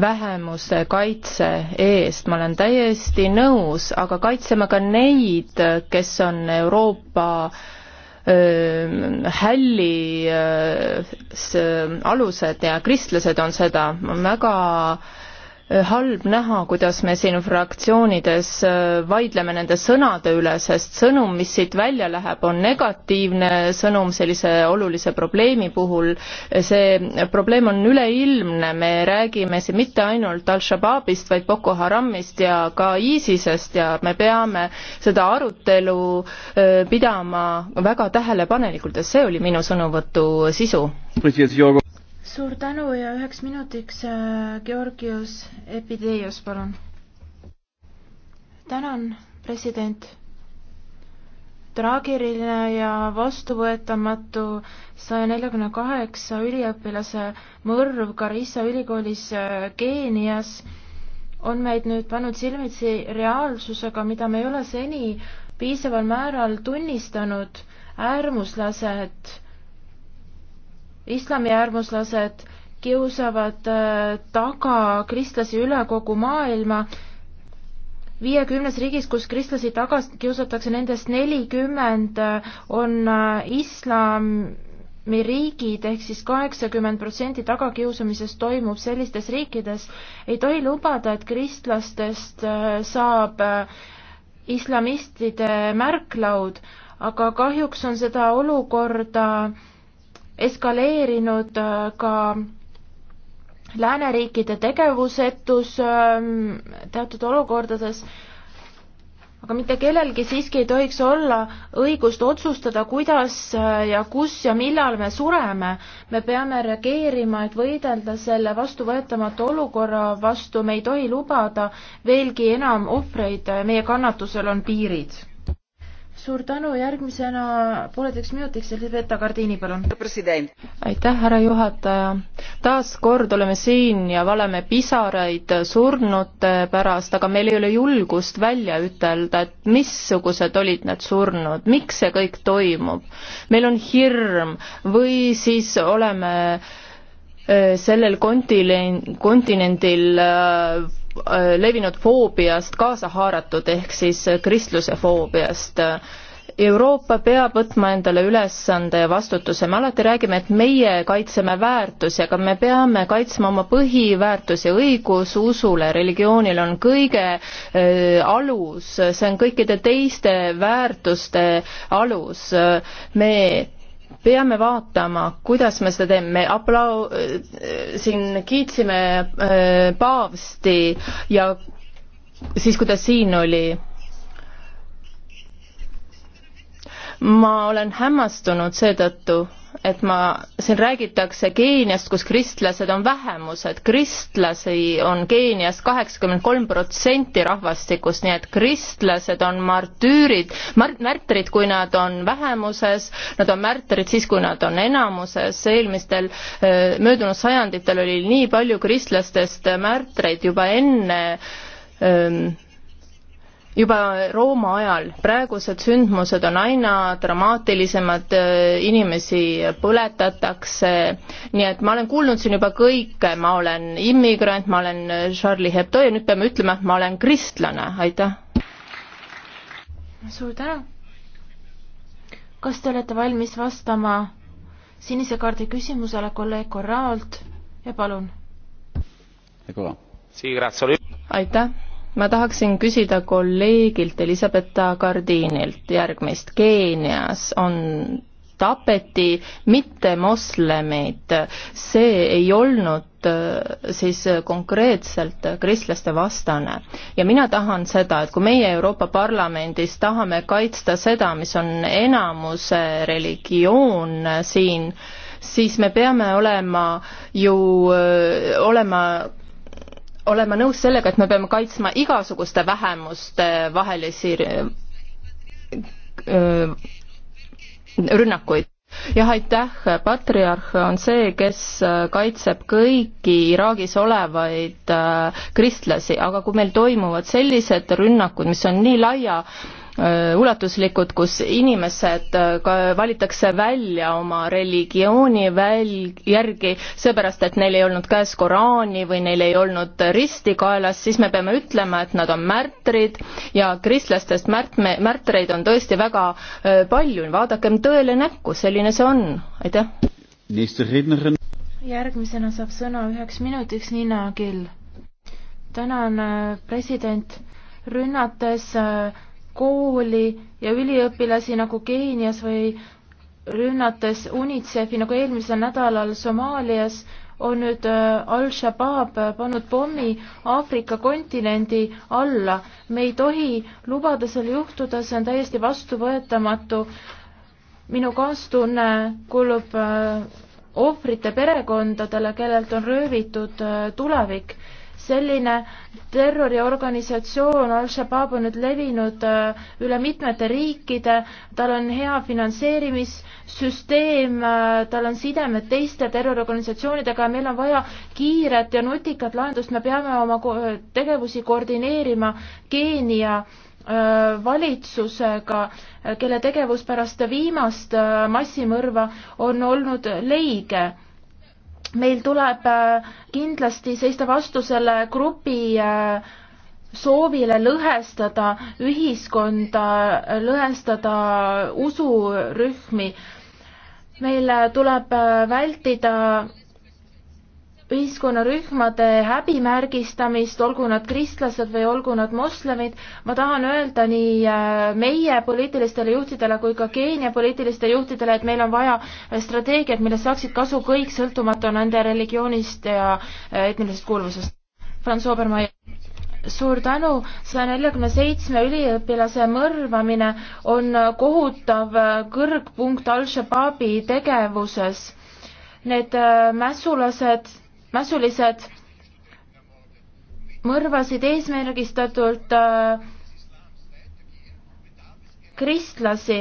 vähemuse kaitse eest, ma olen täiesti nõus, aga kaitseme ka neid, kes on Euroopa öö, äh, hälli öö, äh, s, alused ja kristlased on seda väga öö, halb näha, kuidas me siin fraktsioonides äh, vaidleme nende sõnade üle, sest sõnum, mis siit välja läheb, on negatiivne sõnum sellise olulise probleemi puhul. see probleem on üleilmne, me räägime siin mitte ainult Al-Shabaabist, vaid Boko Haramist ja ka ISISest ja me peame seda arutelu äh, pidama väga tähelepanelikult ja see oli minu sõnavõtu sisu suur tänu ja üheks minutiks äh, Georgios Epideios, palun. tänan, president. traagiline ja vastuvõetamatu saja neljakümne kaheksa üliõpilase mõrv Garissa ülikoolis äh, Keenias on meid nüüd pannud silmitsi reaalsusega, mida me ei ole seni piisaval määral tunnistanud. äärmuslased islamiäärmuslased kiusavad äh, taga kristlasi üle kogu maailma. viiekümnes riigis, kus kristlasi taga kiusatakse, nendest nelikümmend äh, on äh, islamiriigid ehk siis kaheksakümmend protsenti tagakiusamisest toimub sellistes riikides. ei tohi lubada, et kristlastest saab islamistide märklaud, aga kahjuks on seda olukorda äh, eskaleerinud äh, ka lääneriikide tegevusetus ähm, teatud olukordades, aga mitte kellelgi siiski ei tohiks olla õigust otsustada, kuidas äh, ja kus ja millal me sureme. me peame reageerima, et võidelda selle vastuvõetamatu olukorra vastu, me ei tohi lubada veelgi enam ohvreid, meie kannatusel on piirid suur tänu, järgmisena pooleteiseks minutiks Elisabetta Gardiini, palun. aitäh, härra juhataja. taas kord oleme siin ja valeme pisaraid surnute pärast, aga meil ei ole julgust välja ütelda, et missugused olid need surnud, miks see kõik toimub. meil on hirm või siis oleme äh, sellel kontinent, kontinendil äh, Äh, levinud foobiast kaasa haaratud, ehk siis kristluse foobiast. Euroopa peab võtma endale ülesande ja vastutuse, me alati räägime, et meie kaitseme väärtusi, aga me peame kaitsma oma põhiväärtusi, õigus usule, religioonil on kõige äh, alus, see on kõikide teiste väärtuste alus, me peame vaatama, kuidas me seda teeme, me aplau-, äh, siin kiitsime äh, paavsti ja siis, kui ta siin oli ma olen hämmastunud seetõttu, et ma, siin räägitakse Keeniast, kus kristlased on vähemused, kristlasi on Keenias kaheksakümmend kolm protsenti rahvastikust, nii et kristlased on martüürid, mar-, märtrid, kui nad on vähemuses, nad on märtrid siis, kui nad on enamuses, eelmistel möödunud sajanditel oli nii palju kristlastest märtreid juba enne öö, juba Rooma ajal. praegused sündmused on aina dramaatilisemad, äh, inimesi põletatakse, nii et ma olen kuulnud siin juba kõike, ma olen immigrant, ma olen äh, Charlie Hebdo ja nüüd peame ütlema, et ma olen kristlane, aitäh. suur tänu. kas te olete valmis vastama sinise kaardi küsimusele kolleeg Korraolt ja palun. aitäh ma tahaksin küsida kolleegilt Elisabetta Gardiinilt järgmist. Keenias on tapeti mittemoslemeid, see ei olnud äh, siis konkreetselt kristlaste vastane. ja mina tahan seda, et kui meie Euroopa Parlamendis tahame kaitsta seda, mis on enamuse religioon siin, siis me peame olema ju, äh, olema olen ma nõus sellega, et me peame kaitsma igasuguste vähemuste vahelisi äh, äh, rünnakuid. jah, aitäh, patriarh on see, kes kaitseb kõiki Iraagis olevaid äh, kristlasi, aga kui meil toimuvad sellised rünnakud, mis on nii laia Äh, ulatuslikud, kus inimesed äh, ka valitakse välja oma religiooni väl-, järgi, seepärast et neil ei olnud käes Koraani või neil ei olnud risti kaelas, siis me peame ütlema, et nad on märtrid ja kristlastest märtme, märtreid on tõesti väga äh, palju, vaadakem tõele näkku, selline see on, aitäh. järgmisena saab sõna üheks minutiks Nina Kill. tänan, president, rünnates äh, kooli ja üliõpilasi nagu Keenias või rünnates UNICEF-i nagu eelmisel nädalal Somaalias, on nüüd äh, Al-Shabaab äh, pannud pommi Aafrika kontinendi alla. me ei tohi lubada seal juhtuda, see on täiesti vastuvõetamatu. minu kaastunne kuulub äh, ohvrite perekondadele, kellelt on röövitud tulevik selline terroriorganisatsioon Al-Shabaab on nüüd levinud äh, üle mitmete riikide, tal on hea finantseerimissüsteem, äh, tal on sidemed teiste terroriorganisatsioonidega ja meil on vaja kiiret ja nutikat lahendust, me peame oma tegevusi koordineerima Keenia äh, valitsusega, kelle tegevus pärast viimast massimõrva on olnud leige meil tuleb äh, kindlasti seista vastu selle grupi äh, soovile lõhestada ühiskonda, lõhestada usurühmi. meil äh, tuleb vältida ühiskonnarühmade häbimärgistamist, olgu nad kristlased või olgu nad moslemid, ma tahan öelda nii äh, meie poliitilistele juhtidele kui ka Keenia poliitilistele juhtidele, et meil on vaja äh, strateegiat, millest saaksid kasu kõik, sõltumata nende religioonist ja äh, etnilisest kuuluvusest. Franz Obermeier suur tänu, saja neljakümne seitsme üliõpilase mõrvamine on kohutav kõrgpunkt Al-Shabaabi tegevuses. Need mässulased mässulised mõrvasid eesmärgistatult äh, kristlasi.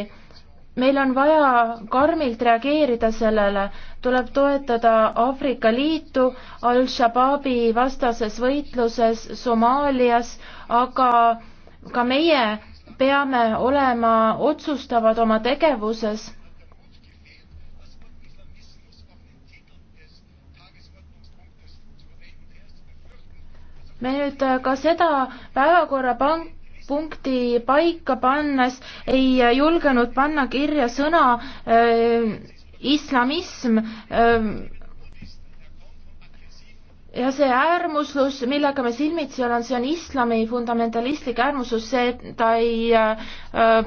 meil on vaja karmilt reageerida sellele, tuleb toetada Aafrika Liitu Al-Shabaabi vastases võitluses Somaalias, aga ka meie peame olema otsustavad oma tegevuses me nüüd äh, ka seda päevakorrapank punkti paika pannes ei äh, julgenud panna kirja sõna äh, islamism äh, ja see äärmuslus, millega me silmitsi oleme, see on islami fundamentalistlik äärmuslus, see, ta ei äh,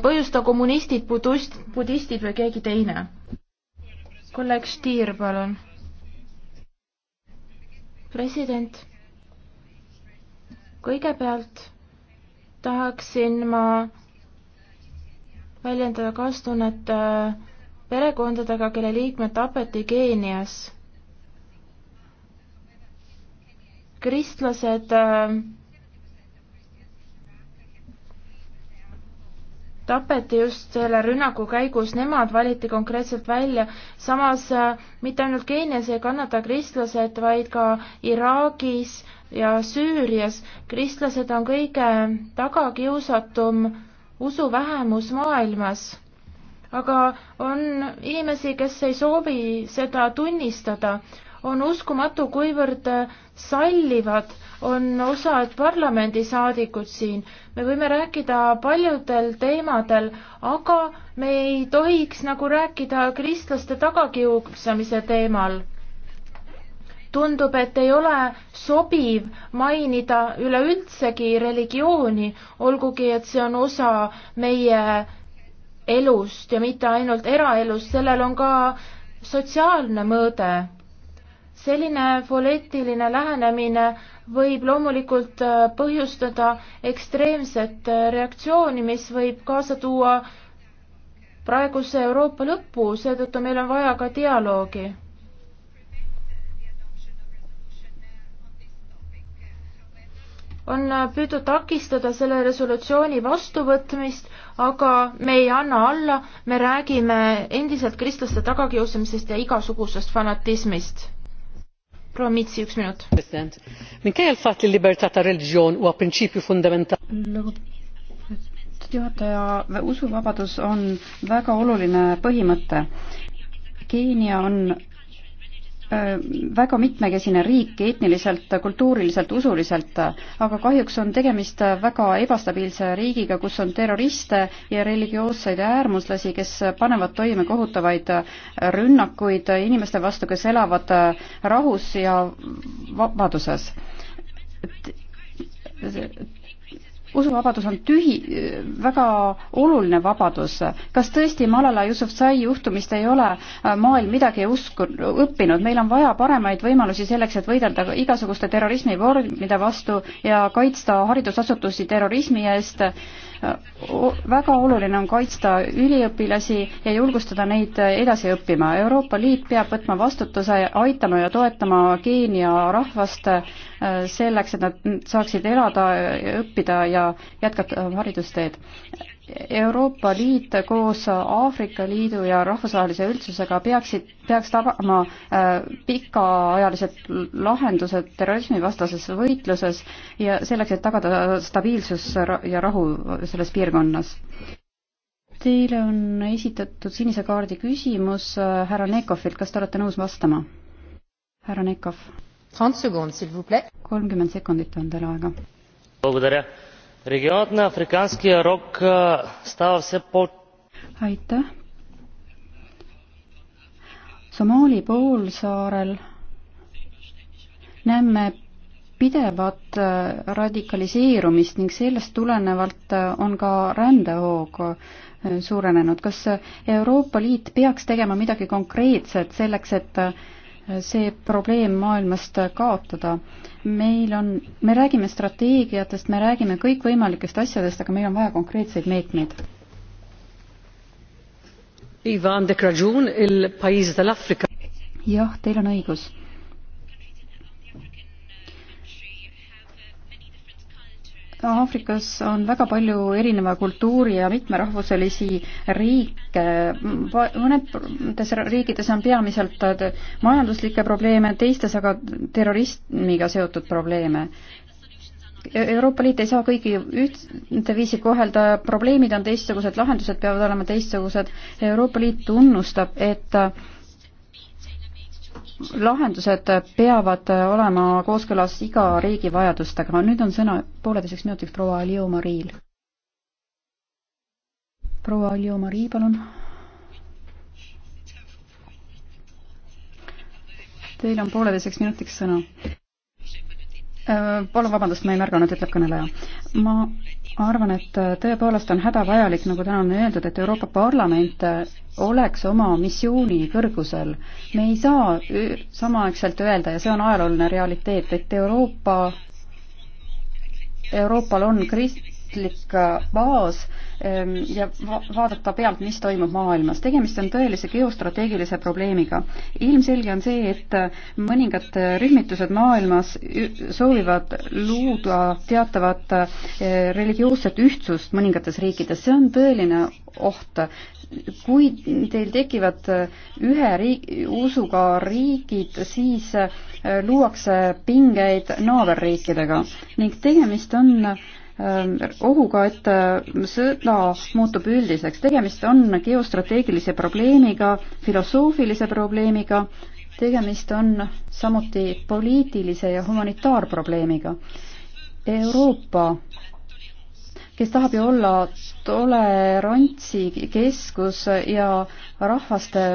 põhjusta kommunistid, budust-, budistid või keegi teine. kolleeg Stier, palun. president kõigepealt tahaksin ma väljendada kaastunnet äh, perekondadega, kelle liikmed tapeti Keenias. kristlased äh, tapeti just selle rünnaku käigus, nemad valiti konkreetselt välja. samas äh, mitte ainult Keenias ei kannata kristlased, vaid ka Iraagis äh, ja Süürias. kristlased on kõige tagakiusatum usuvähemus maailmas. aga on inimesi, kes ei soovi seda tunnistada. on uskumatu, kuivõrd sallivad on osad parlamendisaadikud siin. me võime rääkida paljudel teemadel, aga me ei tohiks nagu rääkida kristlaste tagakiusamise teemal tundub, et ei ole sobiv mainida üleüldsegi religiooni, olgugi et see on osa meie elust ja mitte ainult eraelust, sellel on ka sotsiaalne mõõde. selline foleetiline lähenemine võib loomulikult äh, põhjustada ekstreemset äh, reaktsiooni, mis võib kaasa tuua praeguse Euroopa lõpu, seetõttu meil on vaja ka dialoogi on püütud takistada selle resolutsiooni vastuvõtmist, aga me ei anna alla, me räägime endiselt kristlaste tagakiusamisest ja igasugusest fanatismist. proua Mitsi, üks minut. lugupeetud juhataja, usuvabadus on väga oluline põhimõte. Keenia on Äh, väga mitmekesine riik etniliselt, kultuuriliselt, usuliselt, aga kahjuks on tegemist väga ebastabiilse riigiga, kus on terroriste ja religioosseid äärmuslasi, kes panevad toime kohutavaid rünnakuid inimeste vastu, kes elavad rahus ja vabaduses usuvabadus on tühi, väga oluline vabadus. kas tõesti Malala Yusufzai juhtumist ei ole äh, maailm midagi usku, õppinud, meil on vaja paremaid võimalusi selleks, et võidelda igasuguste terrorismivormide vastu ja kaitsta haridusasutusi terrorismi eest väga oluline on kaitsta üliõpilasi ja julgustada neid edasi õppima. Euroopa Liit peab võtma vastutuse, aitama ja toetama Keenia rahvast äh, selleks, et nad saaksid elada, õppida ja jätkata haridusteed. Euroopa Liit koos Aafrika Liidu ja rahvusvahelise üldsusega peaksid, peaks tabama äh, pikaajalised lahendused terrorismivastases võitluses ja selleks, et tagada stabiilsus ja rahu selles piirkonnas. Teile on esitatud sinise kaardi küsimus äh, härra Nekovilt, kas te olete nõus vastama? härra Nekov. kolmkümmend sekundit on teil aega регионът на африканския рог става все по aitäh! Somaali poolsaarel näeme pidevat äh, radikaliseerumist ning sellest tulenevalt äh, on ka rändehoog äh, suurenenud. kas Euroopa Liit peaks tegema midagi konkreetset selleks, et see probleem maailmast kaotada. meil on, me räägime strateegiatest, me räägime kõikvõimalikest asjadest, aga meil on vaja konkreetseid meetmeid. Iva, andek ražun, il pais tal Afrika. jah, teil on õigus Aafrikas on väga palju erineva kultuuri ja mitmerahvuselisi riike. mõnedes riikides on peamiselt majanduslikke probleeme, teistes aga terrorismiga seotud probleeme. Euroopa Liit ei saa kõigi ühteviisi kohelda, probleemid on teistsugused, lahendused peavad olema teistsugused. Euroopa Liit tunnustab, et lahendused peavad olema kooskõlas iga riigi vajadustega. nüüd on sõna pooleteiseks minutiks proua Alio Mariil. proua Alio Marii, palun. Teil on pooleteiseks minutiks sõna. Äh, palun vabandust, ma ei märganud, ütleb kõneleja. ma arvan, et äh, tõepoolest on hädavajalik, nagu täna on öeldud, et Euroopa Parlament äh, oleks oma missiooni kõrgusel. me ei saa samaaegselt öelda ja see on ajalooline realiteet, et Euroopa Euroopal on krist-, mõistlik äh, baas ähm, ja vaadata pealt, mis toimub maailmas. tegemist on tõelise geostrateegilise probleemiga. ilmselge on see, et äh, mõningad äh, rühmitused maailmas soovivad luua teatavat religioosset ühtsust mõningates riikides, see on tõeline oht kui teil tekivad ühe riik, usuga riigid, siis luuakse pingeid naaberriikidega ning tegemist on ohuga, et äh, sõda muutub üldiseks. tegemist on geostrateegilise probleemiga, filosoofilise probleemiga, tegemist on samuti poliitilise ja humanitaarprobleemiga. Euroopa, kes tahab ju olla tolerantsi keskus ja rahvaste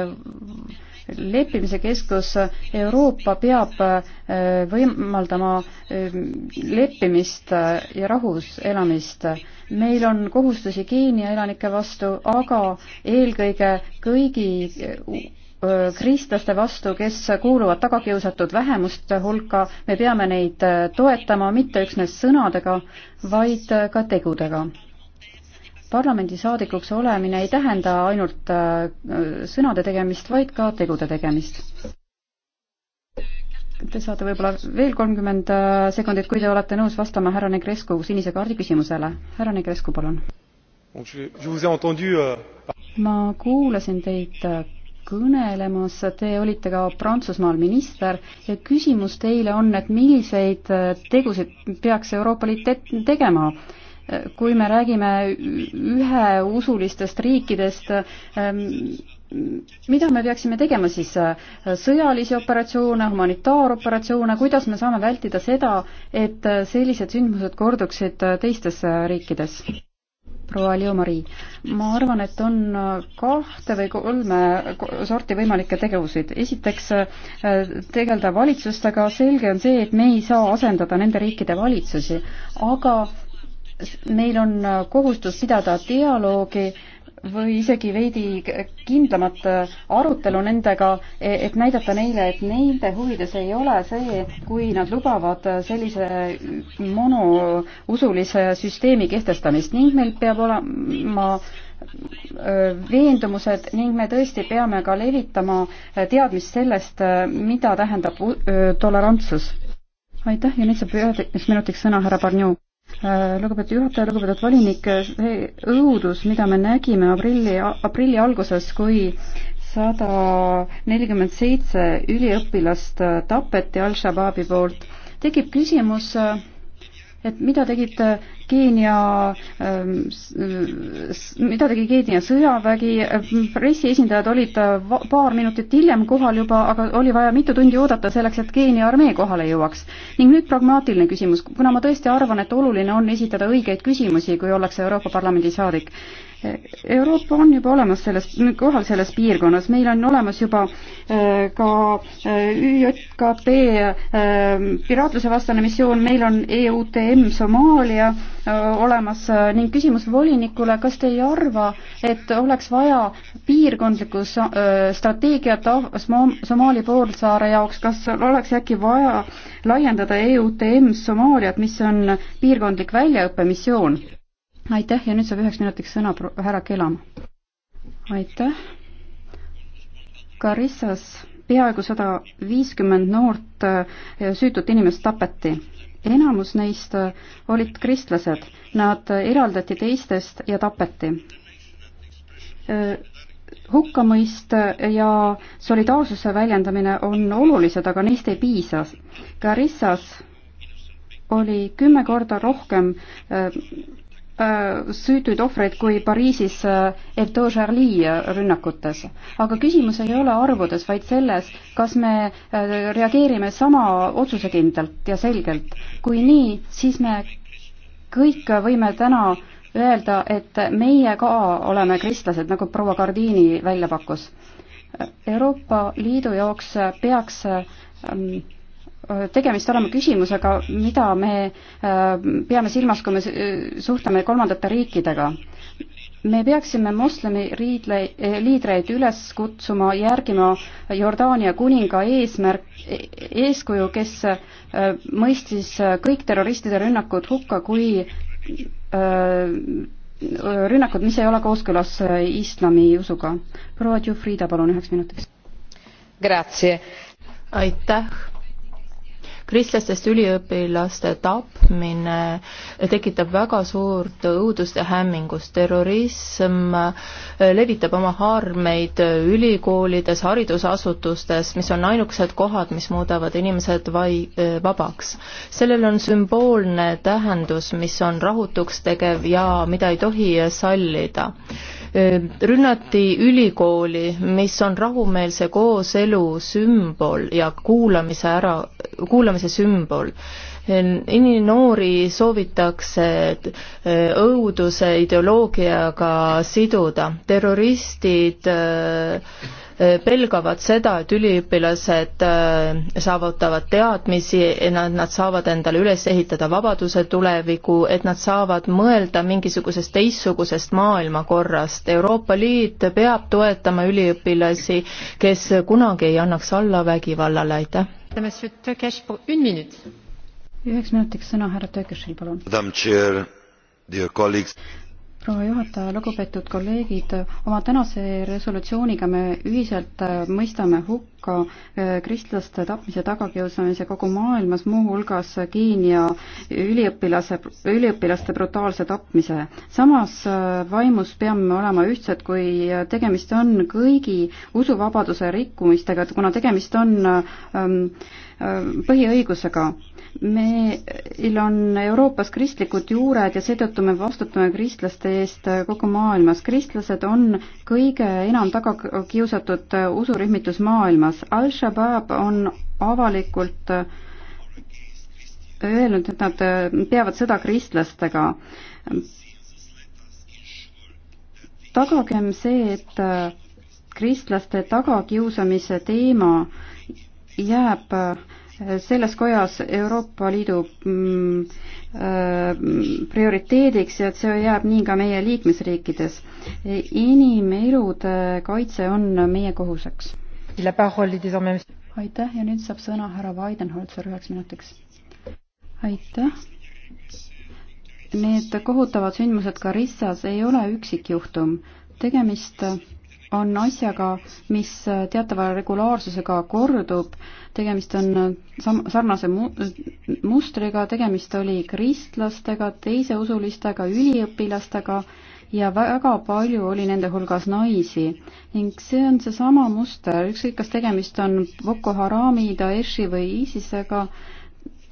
leppimise keskus Euroopa peab äh, võimaldama äh, leppimist äh, ja rahus elamist. meil on kohustusi Keenia elanike vastu, aga eelkõige kõigi kristlaste vastu, kes kuuluvad tagakiusatud vähemuste hulka, me peame neid toetama mitte üksnes sõnadega, vaid ka tegudega parlamendisaadikuks olemine ei tähenda ainult äh, sõnade tegemist, vaid ka tegude tegemist. Te saate võib-olla veel kolmkümmend äh, sekundit, kui te olete nõus vastama härra Negrescu sinise kaardi küsimusele. härra Negrescu, palun. Euh, ma kuulasin teid äh, kõnelemas, te olite ka Prantsusmaal minister ja küsimus teile on, et milliseid tegusid peaks Euroopa Liit te tegema kui me räägime üheusulistest riikidest, ähm, mida me peaksime tegema siis, sõjalisi operatsioone, humanitaaroperatsioone, kuidas me saame vältida seda, et sellised sündmused korduksid teistes riikides? proua Leo-Marii, ma arvan, et on kahte või kolme sorti võimalikke tegevusid. esiteks tegeleda valitsustega, selge on see, et me ei saa asendada nende riikide valitsusi, aga meil on äh, kohustus pidada dialoogi või isegi veidi kindlamat äh, arutelu nendega, e-, et näidata neile, et nende huvides ei ole see, kui nad lubavad äh, sellise monousulise süsteemi kehtestamist ning meil peab olema veendumused ning me tõesti peame ka levitama teadmist sellest, mida tähendab tolerantsus. aitäh ja nüüd saab üheks minutiks sõna härra Barnjou Äh, lugupeetud juhataja, lugupeetud volinik, see õudus, mida me nägime aprilli, aprilli alguses, kui sada nelikümmend seitse üliõpilast äh, tapeti Al-Shabaabi poolt, tekib küsimus, äh, et mida tegid Keenia, ähm, mida tegi Keenia sõjavägi, pressiesindajad olid äh, paar minutit hiljem kohal juba, aga oli vaja mitu tundi oodata selleks, et Keenia armee kohale jõuaks. ning nüüd pragmaatiline küsimus, kuna ma tõesti arvan, et oluline on esitada õigeid küsimusi, kui ollakse Euroopa Parlamendi saadik. E-, Euroopa on juba olemas selles, kohal selles piirkonnas, meil on olemas juba e, ka e, ÜJKP piraatluse vastane missioon, meil on EUTM Somaalia, olemas ning küsimus volinikule, kas te ei arva, et oleks vaja piirkondlikku strateegiat Somaali poolsaare jaoks, kas oleks äkki vaja laiendada EUTM Somaaliat, mis on piirkondlik väljaõppemissioon? aitäh ja nüüd saab üheks minutiks sõna härra Kelam. aitäh. Karissas peaaegu sada viiskümmend noort süütut inimest tapeti enamus neist äh, olid kristlased, nad äh, eraldati teistest ja tapeti. Äh, hukkamõist ja solidaarsuse väljendamine on olulised, aga neist ei piisa. Garissas oli kümme korda rohkem Äh, süütuid ohvreid kui Pariisis äh, Ebdo Charlie äh, rünnakutes. aga küsimus ei ole arvudes, vaid selles, kas me reageerime sama otsusekindlalt ja selgelt. kui nii, siis me kõik võime täna öelda, et meie ka oleme kristlased, nagu proua Gardiini välja pakkus. Euroopa Liidu jaoks peaks ähm, Äh, tegemist olema küsimusega, mida me äh, peame silmas, kui me suhtleme kolmandate riikidega. me peaksime moslemi riidle, eh, liidreid üles kutsuma järgima Jordaania kuninga eesmärk, e-, eeskuju, kes äh, mõistis kõik terroristide rünnakud hukka kui rünnakud, mis ei ole kooskõlas islami usuga. proua Tšufrida, palun üheks minutiks. aitäh kristlastest üliõpilaste tapmine tekitab väga suurt õudust ja hämmingust. terrorism äh, levitab oma haarmeid ülikoolides, haridusasutustes, mis on ainukesed kohad, mis muudavad inimesed vai-, äh, vabaks. sellel on sümboolne tähendus, mis on rahutuks tegev ja mida ei tohi sallida rünnati ülikooli, mis on rahumeelse kooselu sümbol ja kuulamise ära, kuulamise sümbol. noori soovitakse õuduse ideoloogiaga siduda, terroristid pelgavad seda, et üliõpilased äh, saavutavad teadmisi, nad, nad saavad endale üles ehitada vabaduse tuleviku, et nad saavad mõelda mingisugusest teistsugusest maailmakorrast. Euroopa Liit peab toetama üliõpilasi, kes kunagi ei annaks alla vägivallale, aitäh. üheks minutiks sõna härra Tökesil, palun proua juhataja, lugupeetud kolleegid, oma tänase resolutsiooniga me ühiselt äh, mõistame hukka äh, kristlaste tapmise tagakiusamise kogu maailmas, muuhulgas Keenia üliõpilase, üliõpilaste brutaalse tapmise. samas äh, vaimus peame olema ühtsed, kui tegemist on kõigi usuvabaduse rikkumistega, kuna tegemist on ähm, põhiõigusega meil on Euroopas kristlikud juured ja seetõttu me vastutame kristlaste eest kogu maailmas. kristlased on kõige enam taga kiusatud usurühmitus maailmas. Al-Shabaab on avalikult öelnud, et nad peavad sõda kristlastega. tagagem see, et kristlaste tagakiusamise teema jääb äh, selles kojas Euroopa Liidu mm, äh, prioriteediks ja et see jääb nii ka meie liikmesriikides. inimelude äh, kaitse on meie kohuseks. aitäh ja nüüd saab sõna härra Weidenholzer üheks minutiks. aitäh. Need kohutavad sündmused Karissas ei ole üksikjuhtum, tegemist on asjaga, mis teatava regulaarsusega kordub, tegemist on sam-, sarnase mu-, mustriga, tegemist oli kristlastega, teiseusulistega, üliõpilastega ja väga palju oli nende hulgas naisi. ning see on seesama muster, ükskõik kas tegemist on Boko Harami, Daeshi või ISISega,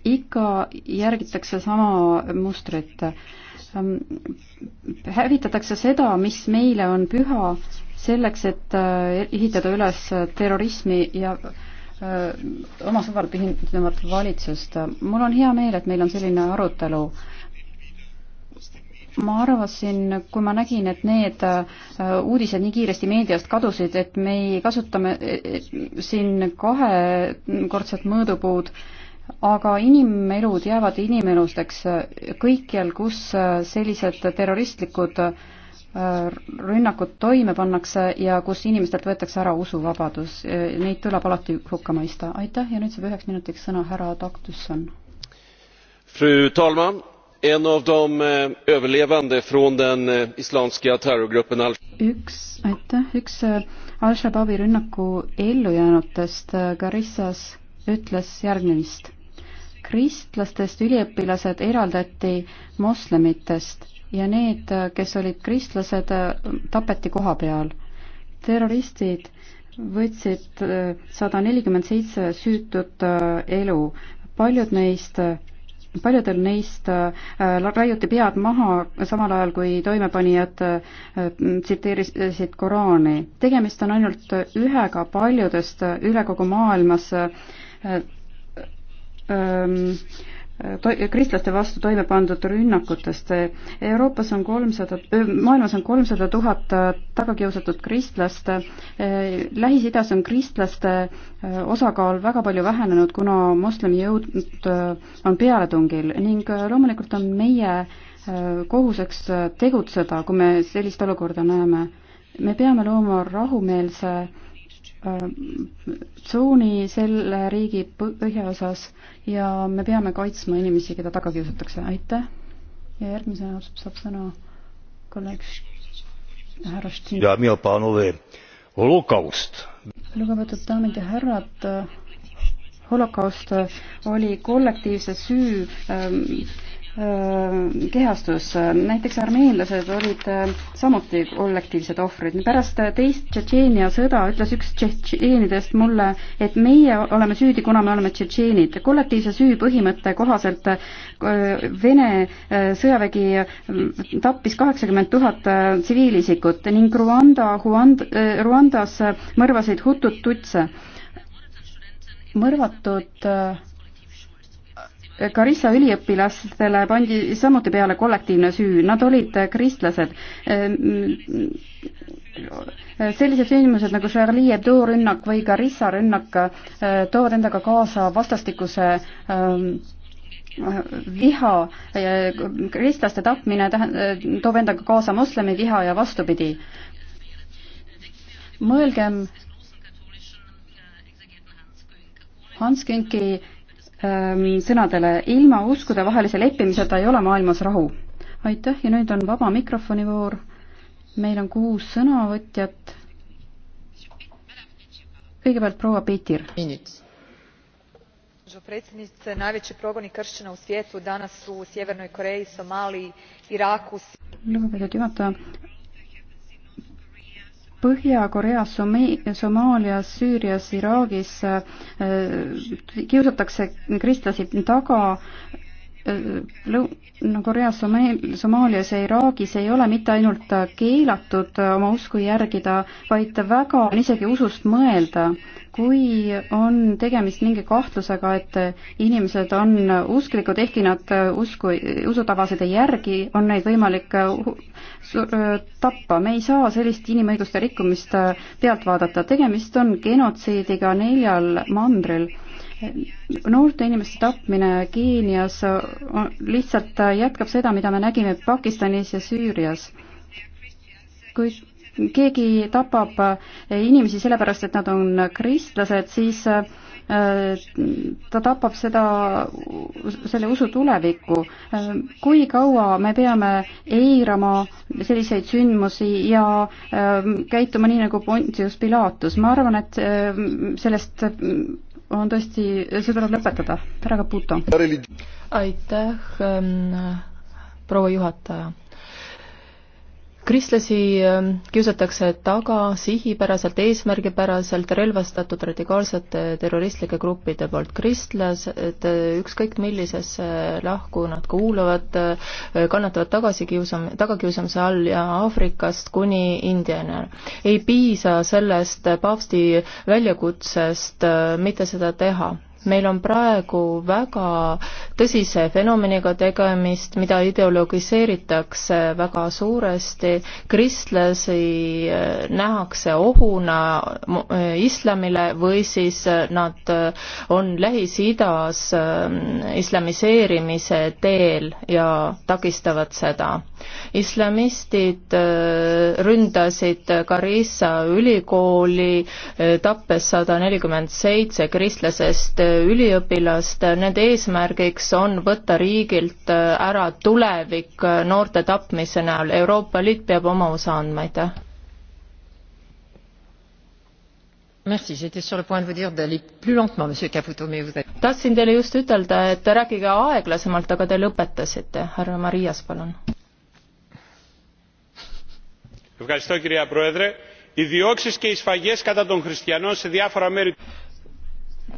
ikka järgitakse sama mustrit hävitatakse seda, mis meile on püha selleks, et äh, ehitada üles terrorismi ja äh, oma sõbrad pühendavat valitsust. mul on hea meel, et meil on selline arutelu. ma arvasin, kui ma nägin, et need äh, uudised nii kiiresti meediast kadusid, et me kasutame e, e, siin kahekordset mõõdupuud, aga inimelud jäävad inimelusteks kõikjal, kus sellised terroristlikud äh, Äh, rünnakud toime pannakse ja kus inimestelt võetakse ära usuvabadus. Äh, neid tuleb alati hukka mõista. aitäh ja nüüd saab üheks minutiks sõna härra Taktusson. Fru talman, en av de äh, överlevande från den islamska terrorgruppen al-. üks, aitäh, üks al-Shabaabi rünnaku ellujäänutest Garissas ütles järgmist. kristlastest üliõpilased eraldati moslemitest ja need, kes olid kristlased, tapeti koha peal. terroristid võtsid äh, sada nelikümmend seitse süütut äh, elu, paljud neist paljudel neist äh, raiuti pead maha, samal ajal kui toimepanijad tsiteerisid Koraani. tegemist on ainult ühega paljudest üle kogu maailmas ähm, to-, kristlaste vastu toime pandud rünnakutest. Euroopas on kolmsada, maailmas on kolmsada tuhat tagakiusatud kristlast, Lähis-Idas on kristlaste osakaal väga palju vähenenud, kuna moslemi jõud on pealetungil ning loomulikult on meie kohuseks tegutseda, kui me sellist olukorda näeme. me peame looma rahumeelse tsooni selle riigi põhjaosas ja me peame kaitsma inimesi, keda taga kiusatakse. aitäh ja järgmisena saab sõna kolleeg härra Štin-. lugupeetud daamid ja härrad, holokaust oli kollektiivse süü ähm, Äh, kehastus, näiteks armeenlased olid äh, samuti kollektiivsed ohvrid. pärast teist Tšetšeenia sõda ütles üks tšetšeenidest mulle, et meie oleme süüdi, kuna me oleme tšetšeenid. kollektiivse süü põhimõtte kohaselt äh, Vene sõjavägi tappis kaheksakümmend tuhat tsiviilisikut ning Rwanda, Rwandas mõrvasid hutud tutse. mõrvatud Karissa üliõpilastele pandi samuti peale kollektiivne süü, nad olid kristlased. sellised sündmused nagu Charlie Hebdo rünnak või Karissa rünnak äh, toovad endaga kaasa vastastikuse ähm, viha, kristlaste tapmine tähendab, toob endaga kaasa moslemi viha ja vastupidi. mõelgem Hans Künki Ähm, sõnadele ilma uskude vahelise leppimiseta ei ole maailmas rahu. aitäh ja nüüd on vaba mikrofoni voor. meil on kuus sõnavõtjat. kõigepealt proua Peeter. predsjednice, najveći progoni kršćana u svijetu danas su u Sjevernoj Koreji, Somaliji, Iraku. lugupeetud juhataja, Põhja-Koreas, Somaalias, Süürias, Iraagis äh, kiusatakse kristlasi taga Äh, Lõuna-Koreas, Somaalias ja Iraagis ei ole mitte ainult äh, keelatud äh, oma usku järgida, vaid väga on isegi usust mõelda. kui on tegemist mingi kahtlusega, et inimesed on usklikud, ehkki nad usku, usutavasid ei järgi, on neid võimalik tappa. me ei saa sellist inimõiguste rikkumist pealt vaadata. tegemist on genotsiidiga neljal mandril noorte inimeste tapmine Keenias lihtsalt jätkab seda, mida me nägime Pakistanis ja Süürias. kui keegi tapab inimesi sellepärast, et nad on kristlased, siis äh, ta tapab seda, selle usu tulevikku. kui kaua me peame eirama selliseid sündmusi ja äh, käituma nii nagu Pontius Pilatus, ma arvan, et äh, sellest on tõesti, see tuleb lõpetada. härra Caputo. aitäh ähm,, proua juhataja kristlasi ähm, kiusatakse taga sihipäraselt, eesmärgipäraselt relvastatud radikaalsete terroristlike gruppide poolt. kristlased, ükskõik millisesse lahku nad kuuluvad, äh, kannatavad tagasikiusam-, tagakiusamise all ja Aafrikast kuni Indiani. ei piisa sellest paavsti väljakutsest äh, mitte seda teha meil on praegu väga tõsise fenomeniga tegemist, mida ideologiseeritakse väga suuresti, kristlasi eh, nähakse ohuna eh, islamile või siis eh, nad on Lähis-Idas islamiseerimise teel ja takistavad seda. islamistid ründasid Garissa ülikooli, tappes sada nelikümmend seitse kristlasest üliõpilast, nende eesmärgiks on võtta riigilt äh, ära tulevik äh, noorte tapmise näol. Euroopa Liit peab oma osa andma, aitäh. tahtsin teile just ütelda, et rääkige aeglasemalt, aga te lõpetasite. härra Marias, palun. Ευχαριστώ κυρία Πρόεδρε. Οι διώξεις και οι σφαγές κατά των χριστιανών σε διάφορα μέρη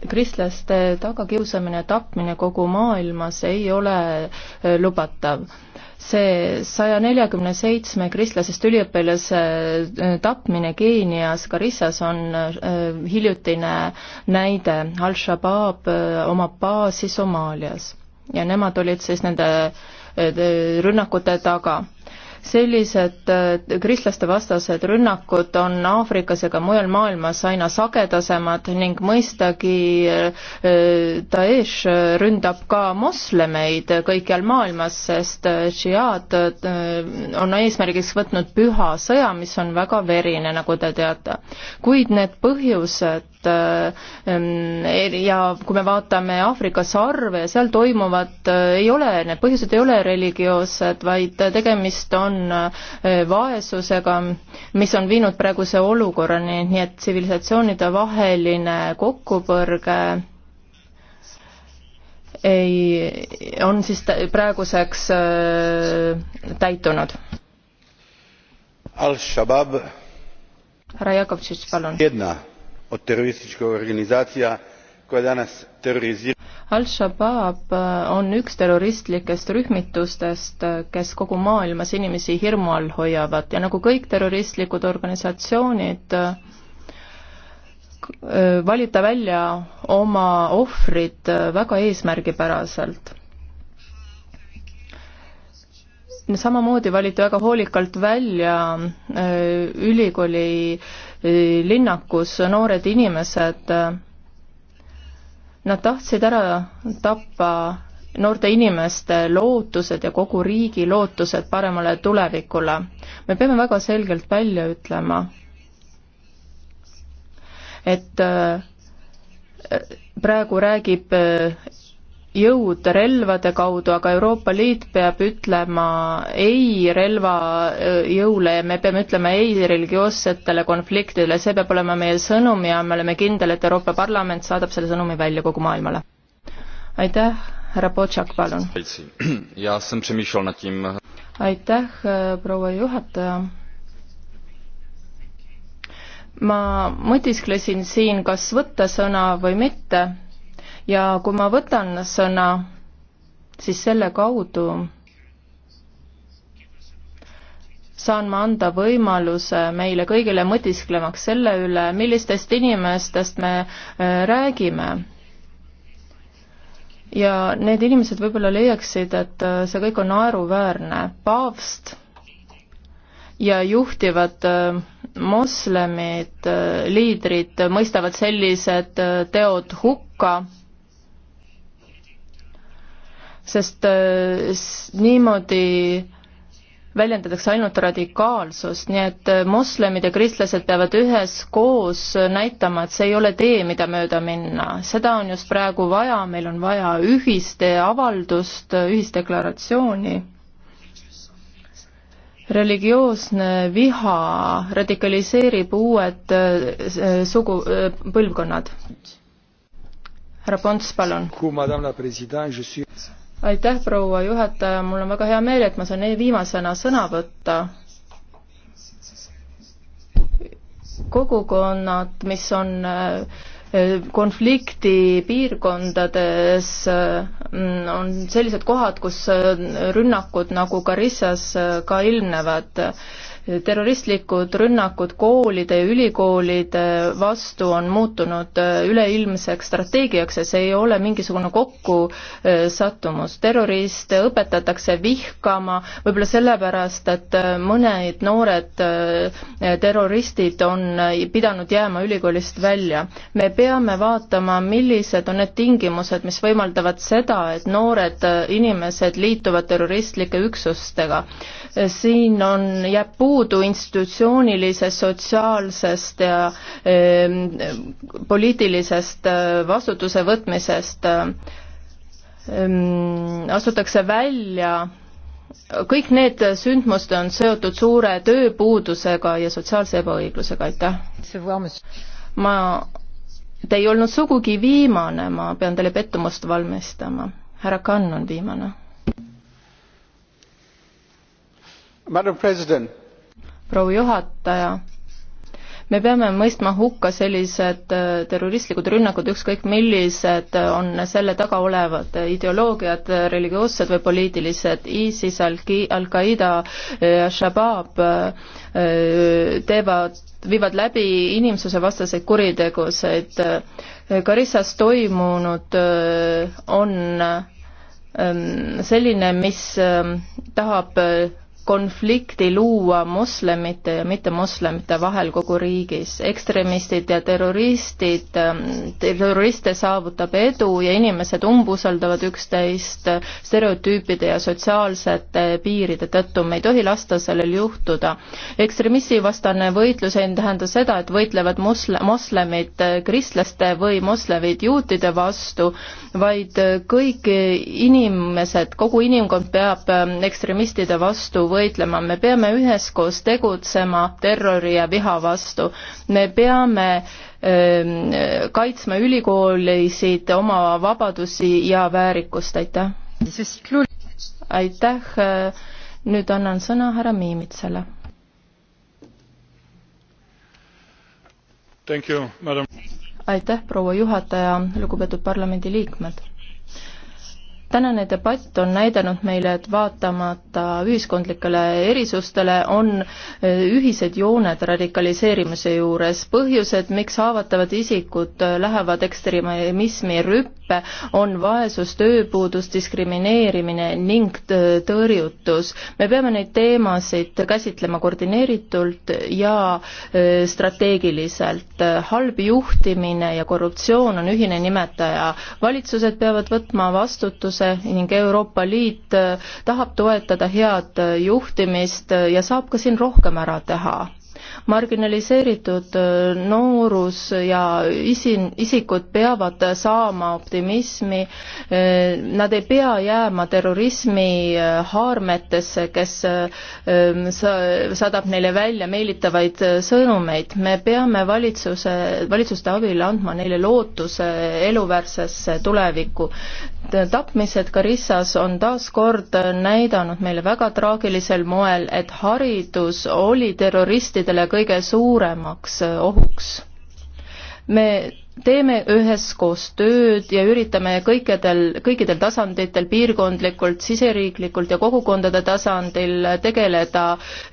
kristlaste tagakiusamine, tapmine kogu maailmas ei ole eh, lubatav. see saja neljakümne seitsme kristlasest üliõpilase eh, tapmine Keenias Karissas on eh, hiljutine näide, Al-Shabaab omab baasi Somaalias ja nemad olid siis nende rünnakute taga sellised äh, kristlaste vastased rünnakud on Aafrikas ja ka mujal maailmas aina sagedasemad ning mõistagi äh, Daesh ründab ka moslemeid kõikjal maailmas, sest äh, džihaad on eesmärgiks võtnud püha sõja, mis on väga verine, nagu te teate. kuid need põhjused poolt äh, ja kui me vaatame Aafrika sarve, seal toimuvat äh, ei ole, need põhjused ei ole religioossed, vaid tegemist on äh, vaesusega, mis on viinud praeguse olukorrani, nii et tsivilisatsioonide vaheline kokkupõrge ei, on siis praeguseks täitunud. Al-Shabaab. härra Jakovtšitš, palun od terorističkih organizacija koja danas terorizira Al-Shabaab eh, on üks terroristlikest rühmitustest, eh, kes kogu maailmas inimesi hirmu all hoiavad ja nagu kõik terroristlikud organisatsioonid, eh, valita välja oma ohvrid väga eesmärgipäraselt samamoodi valiti väga hoolikalt välja ülikooli linnakus noored inimesed, nad tahtsid ära tappa noorte inimeste lootused ja kogu riigi lootused paremale tulevikule. me peame väga selgelt välja ütlema, et äh, praegu räägib äh, jõud relvade kaudu, aga Euroopa Liit peab ütlema ei relvajõule ja me peame ütlema ei religioossetele konfliktidele, see peab olema meie sõnum ja me oleme kindel, et Euroopa Parlament saadab selle sõnumi välja kogu maailmale. aitäh, härra Potšak, palun. aitäh, proua juhataja ma mõtisklesin siin, kas võtta sõna või mitte ja kui ma võtan sõna, siis selle kaudu saan ma anda võimaluse meile kõigile mõtisklemaks selle üle, millistest inimestest me äh, räägime. ja need inimesed võib-olla leiaksid, et äh, see kõik on naeruväärne. paavst ja juhtivad äh, moslemid, liidrid mõistavad sellised teod hukka sest äh, niimoodi väljendatakse ainult radikaalsust, nii et äh, moslemid ja kristlased peavad üheskoos näitama, et see ei ole tee, mida mööda minna. seda on just praegu vaja, meil on vaja ühiste avaldust, ühisdeklaratsiooni. religioosne viha radikaliseerib uued äh, sugu, põlvkonnad. härra Ponts, palun aitäh, proua juhataja, mul on väga hea meel, et ma saan e- viimasena sõna võtta. kogukonnad, mis on äh, konflikti piirkondades äh, on sellised kohad, kus äh, rünnakud nagu Karissas ka ilmnevad terroristlikud rünnakud koolide ja ülikoolide vastu on muutunud äh, üleilmseks strateegiaks ja see ei ole mingisugune kokkusattumus. Äh, terroriste õpetatakse vihkama võib-olla sellepärast, et äh, mõned noored terroristid on pidanud jääma ülikoolist välja. me peame vaatama, millised on need tingimused, mis võimaldavad seda, et noored inimesed liituvad terroristlike üksustega. siin on, jääb puudu puudu institutsioonilisest, sotsiaalsest ja eh, poliitilisest äh, vastutuse võtmisest eh,. astutakse välja, kõik need sündmused on seotud suure tööpuudusega ja sotsiaalse ebaõiglusega, aitäh. ma, te ei olnud sugugi viimane, ma pean teile pettumust valmistama. härra Kann on viimane madam president proua juhataja, me peame mõistma hukka sellised äh, terroristlikud rünnakud, ükskõik millised on selle taga olevad ideoloogiad, religioossed või poliitilised, ISIS, Al-Qaeda, äh, Shabaab äh, teevad, viivad läbi inimsusevastaseid kuritegusid. Karissas toimunud on ähm, selline, mis ähm, tahab konflikti luua moslemite ja mittemoslemite vahel kogu riigis. ekstremistid ja terroristid, terroriste saavutab edu ja inimesed umbusaldavad üksteist stereotüüpide ja sotsiaalsete piiride tõttu, me ei tohi lasta sellel juhtuda. ekstremismivastane võitlus ei tähenda seda, et võitlevad mosle-, moslemid kristlaste või moslemid juutide vastu, vaid kõik inimesed, kogu inimkond peab ekstremistide vastu võitlema võitlema, me peame üheskoos tegutsema terrori ja viha vastu. me peame öö, ähm, kaitsma ülikoolisid oma vabadusi ja väärikust, aitäh. aitäh, nüüd annan sõna härra Miimitsale. aitäh, proua juhataja, lugupeetud parlamendiliikmed tänane debatt on näidanud meile, et vaatamata ühiskondlikele erisustele on e, ühised jooned radikaliseerimise juures. põhjused, miks haavatavad isikud lähevad ekstremismi rüppe, on vaesus, tööpuudus, diskrimineerimine ning tõrjutus. me peame neid teemasid käsitlema koordineeritult ja e, strateegiliselt. halb juhtimine ja korruptsioon on ühine nimetaja. valitsused peavad võtma vastutuse tegevuse ning Euroopa Liit äh, tahab toetada head äh, juhtimist äh, ja saab ka siin rohkem ära teha marginaliseeritud noorus ja isin-, isikud peavad saama optimismi, nad ei pea jääma terrorismi haarmetesse, kes ähm, saadab neile välja meelitavaid sõnumeid. me peame valitsuse, valitsuste abil andma neile lootuse eluväärsesse tulevikku tapmised Karissas on taas kord näidanud meile väga traagilisel moel, et haridus oli terroristidele kõige suuremaks ohuks. me teeme üheskoos tööd ja üritame kõikidel, kõikidel tasanditel, piirkondlikult, siseriiklikult ja kogukondade tasandil tegeleda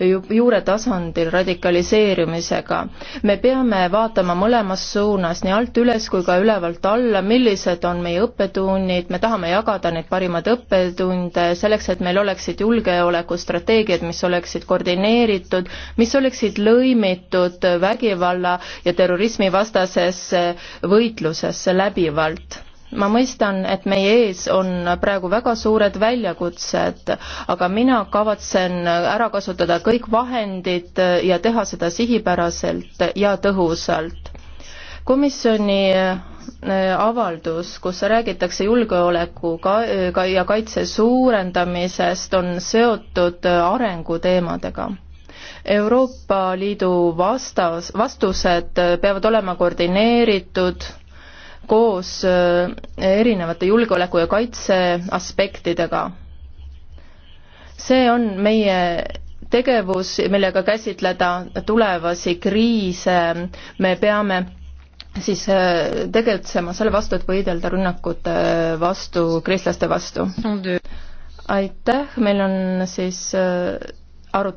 ju, juure tasandil radikaliseerimisega. me peame vaatama mõlemas suunas, nii alt üles kui ka ülevalt alla, millised on meie õppetunnid, me tahame jagada neid parimaid õppetunde selleks, et meil oleksid julgeolekustrateegiad, mis oleksid koordineeritud, mis oleksid lõimitud vägivalla ja terrorismivastasesse võitluses läbivalt ma mõistan, et meie ees on praegu väga suured väljakutsed, aga mina kavatsen ära kasutada kõik vahendid ja teha seda sihipäraselt ja tõhusalt. komisjoni äh, avaldus, kus räägitakse julgeoleku äh, ka- ja kaitse suurendamisest, on seotud äh, arenguteemadega Euroopa Liidu vastas, vastused peavad olema koordineeritud koos äh, erinevate julgeoleku ja kaitse aspektidega. see on meie tegevus, millega käsitleda tulevasi kriise, me peame siis äh, tegutsema selle vastu, et võidelda rünnakute äh, vastu, kristlaste vastu. aitäh, meil on siis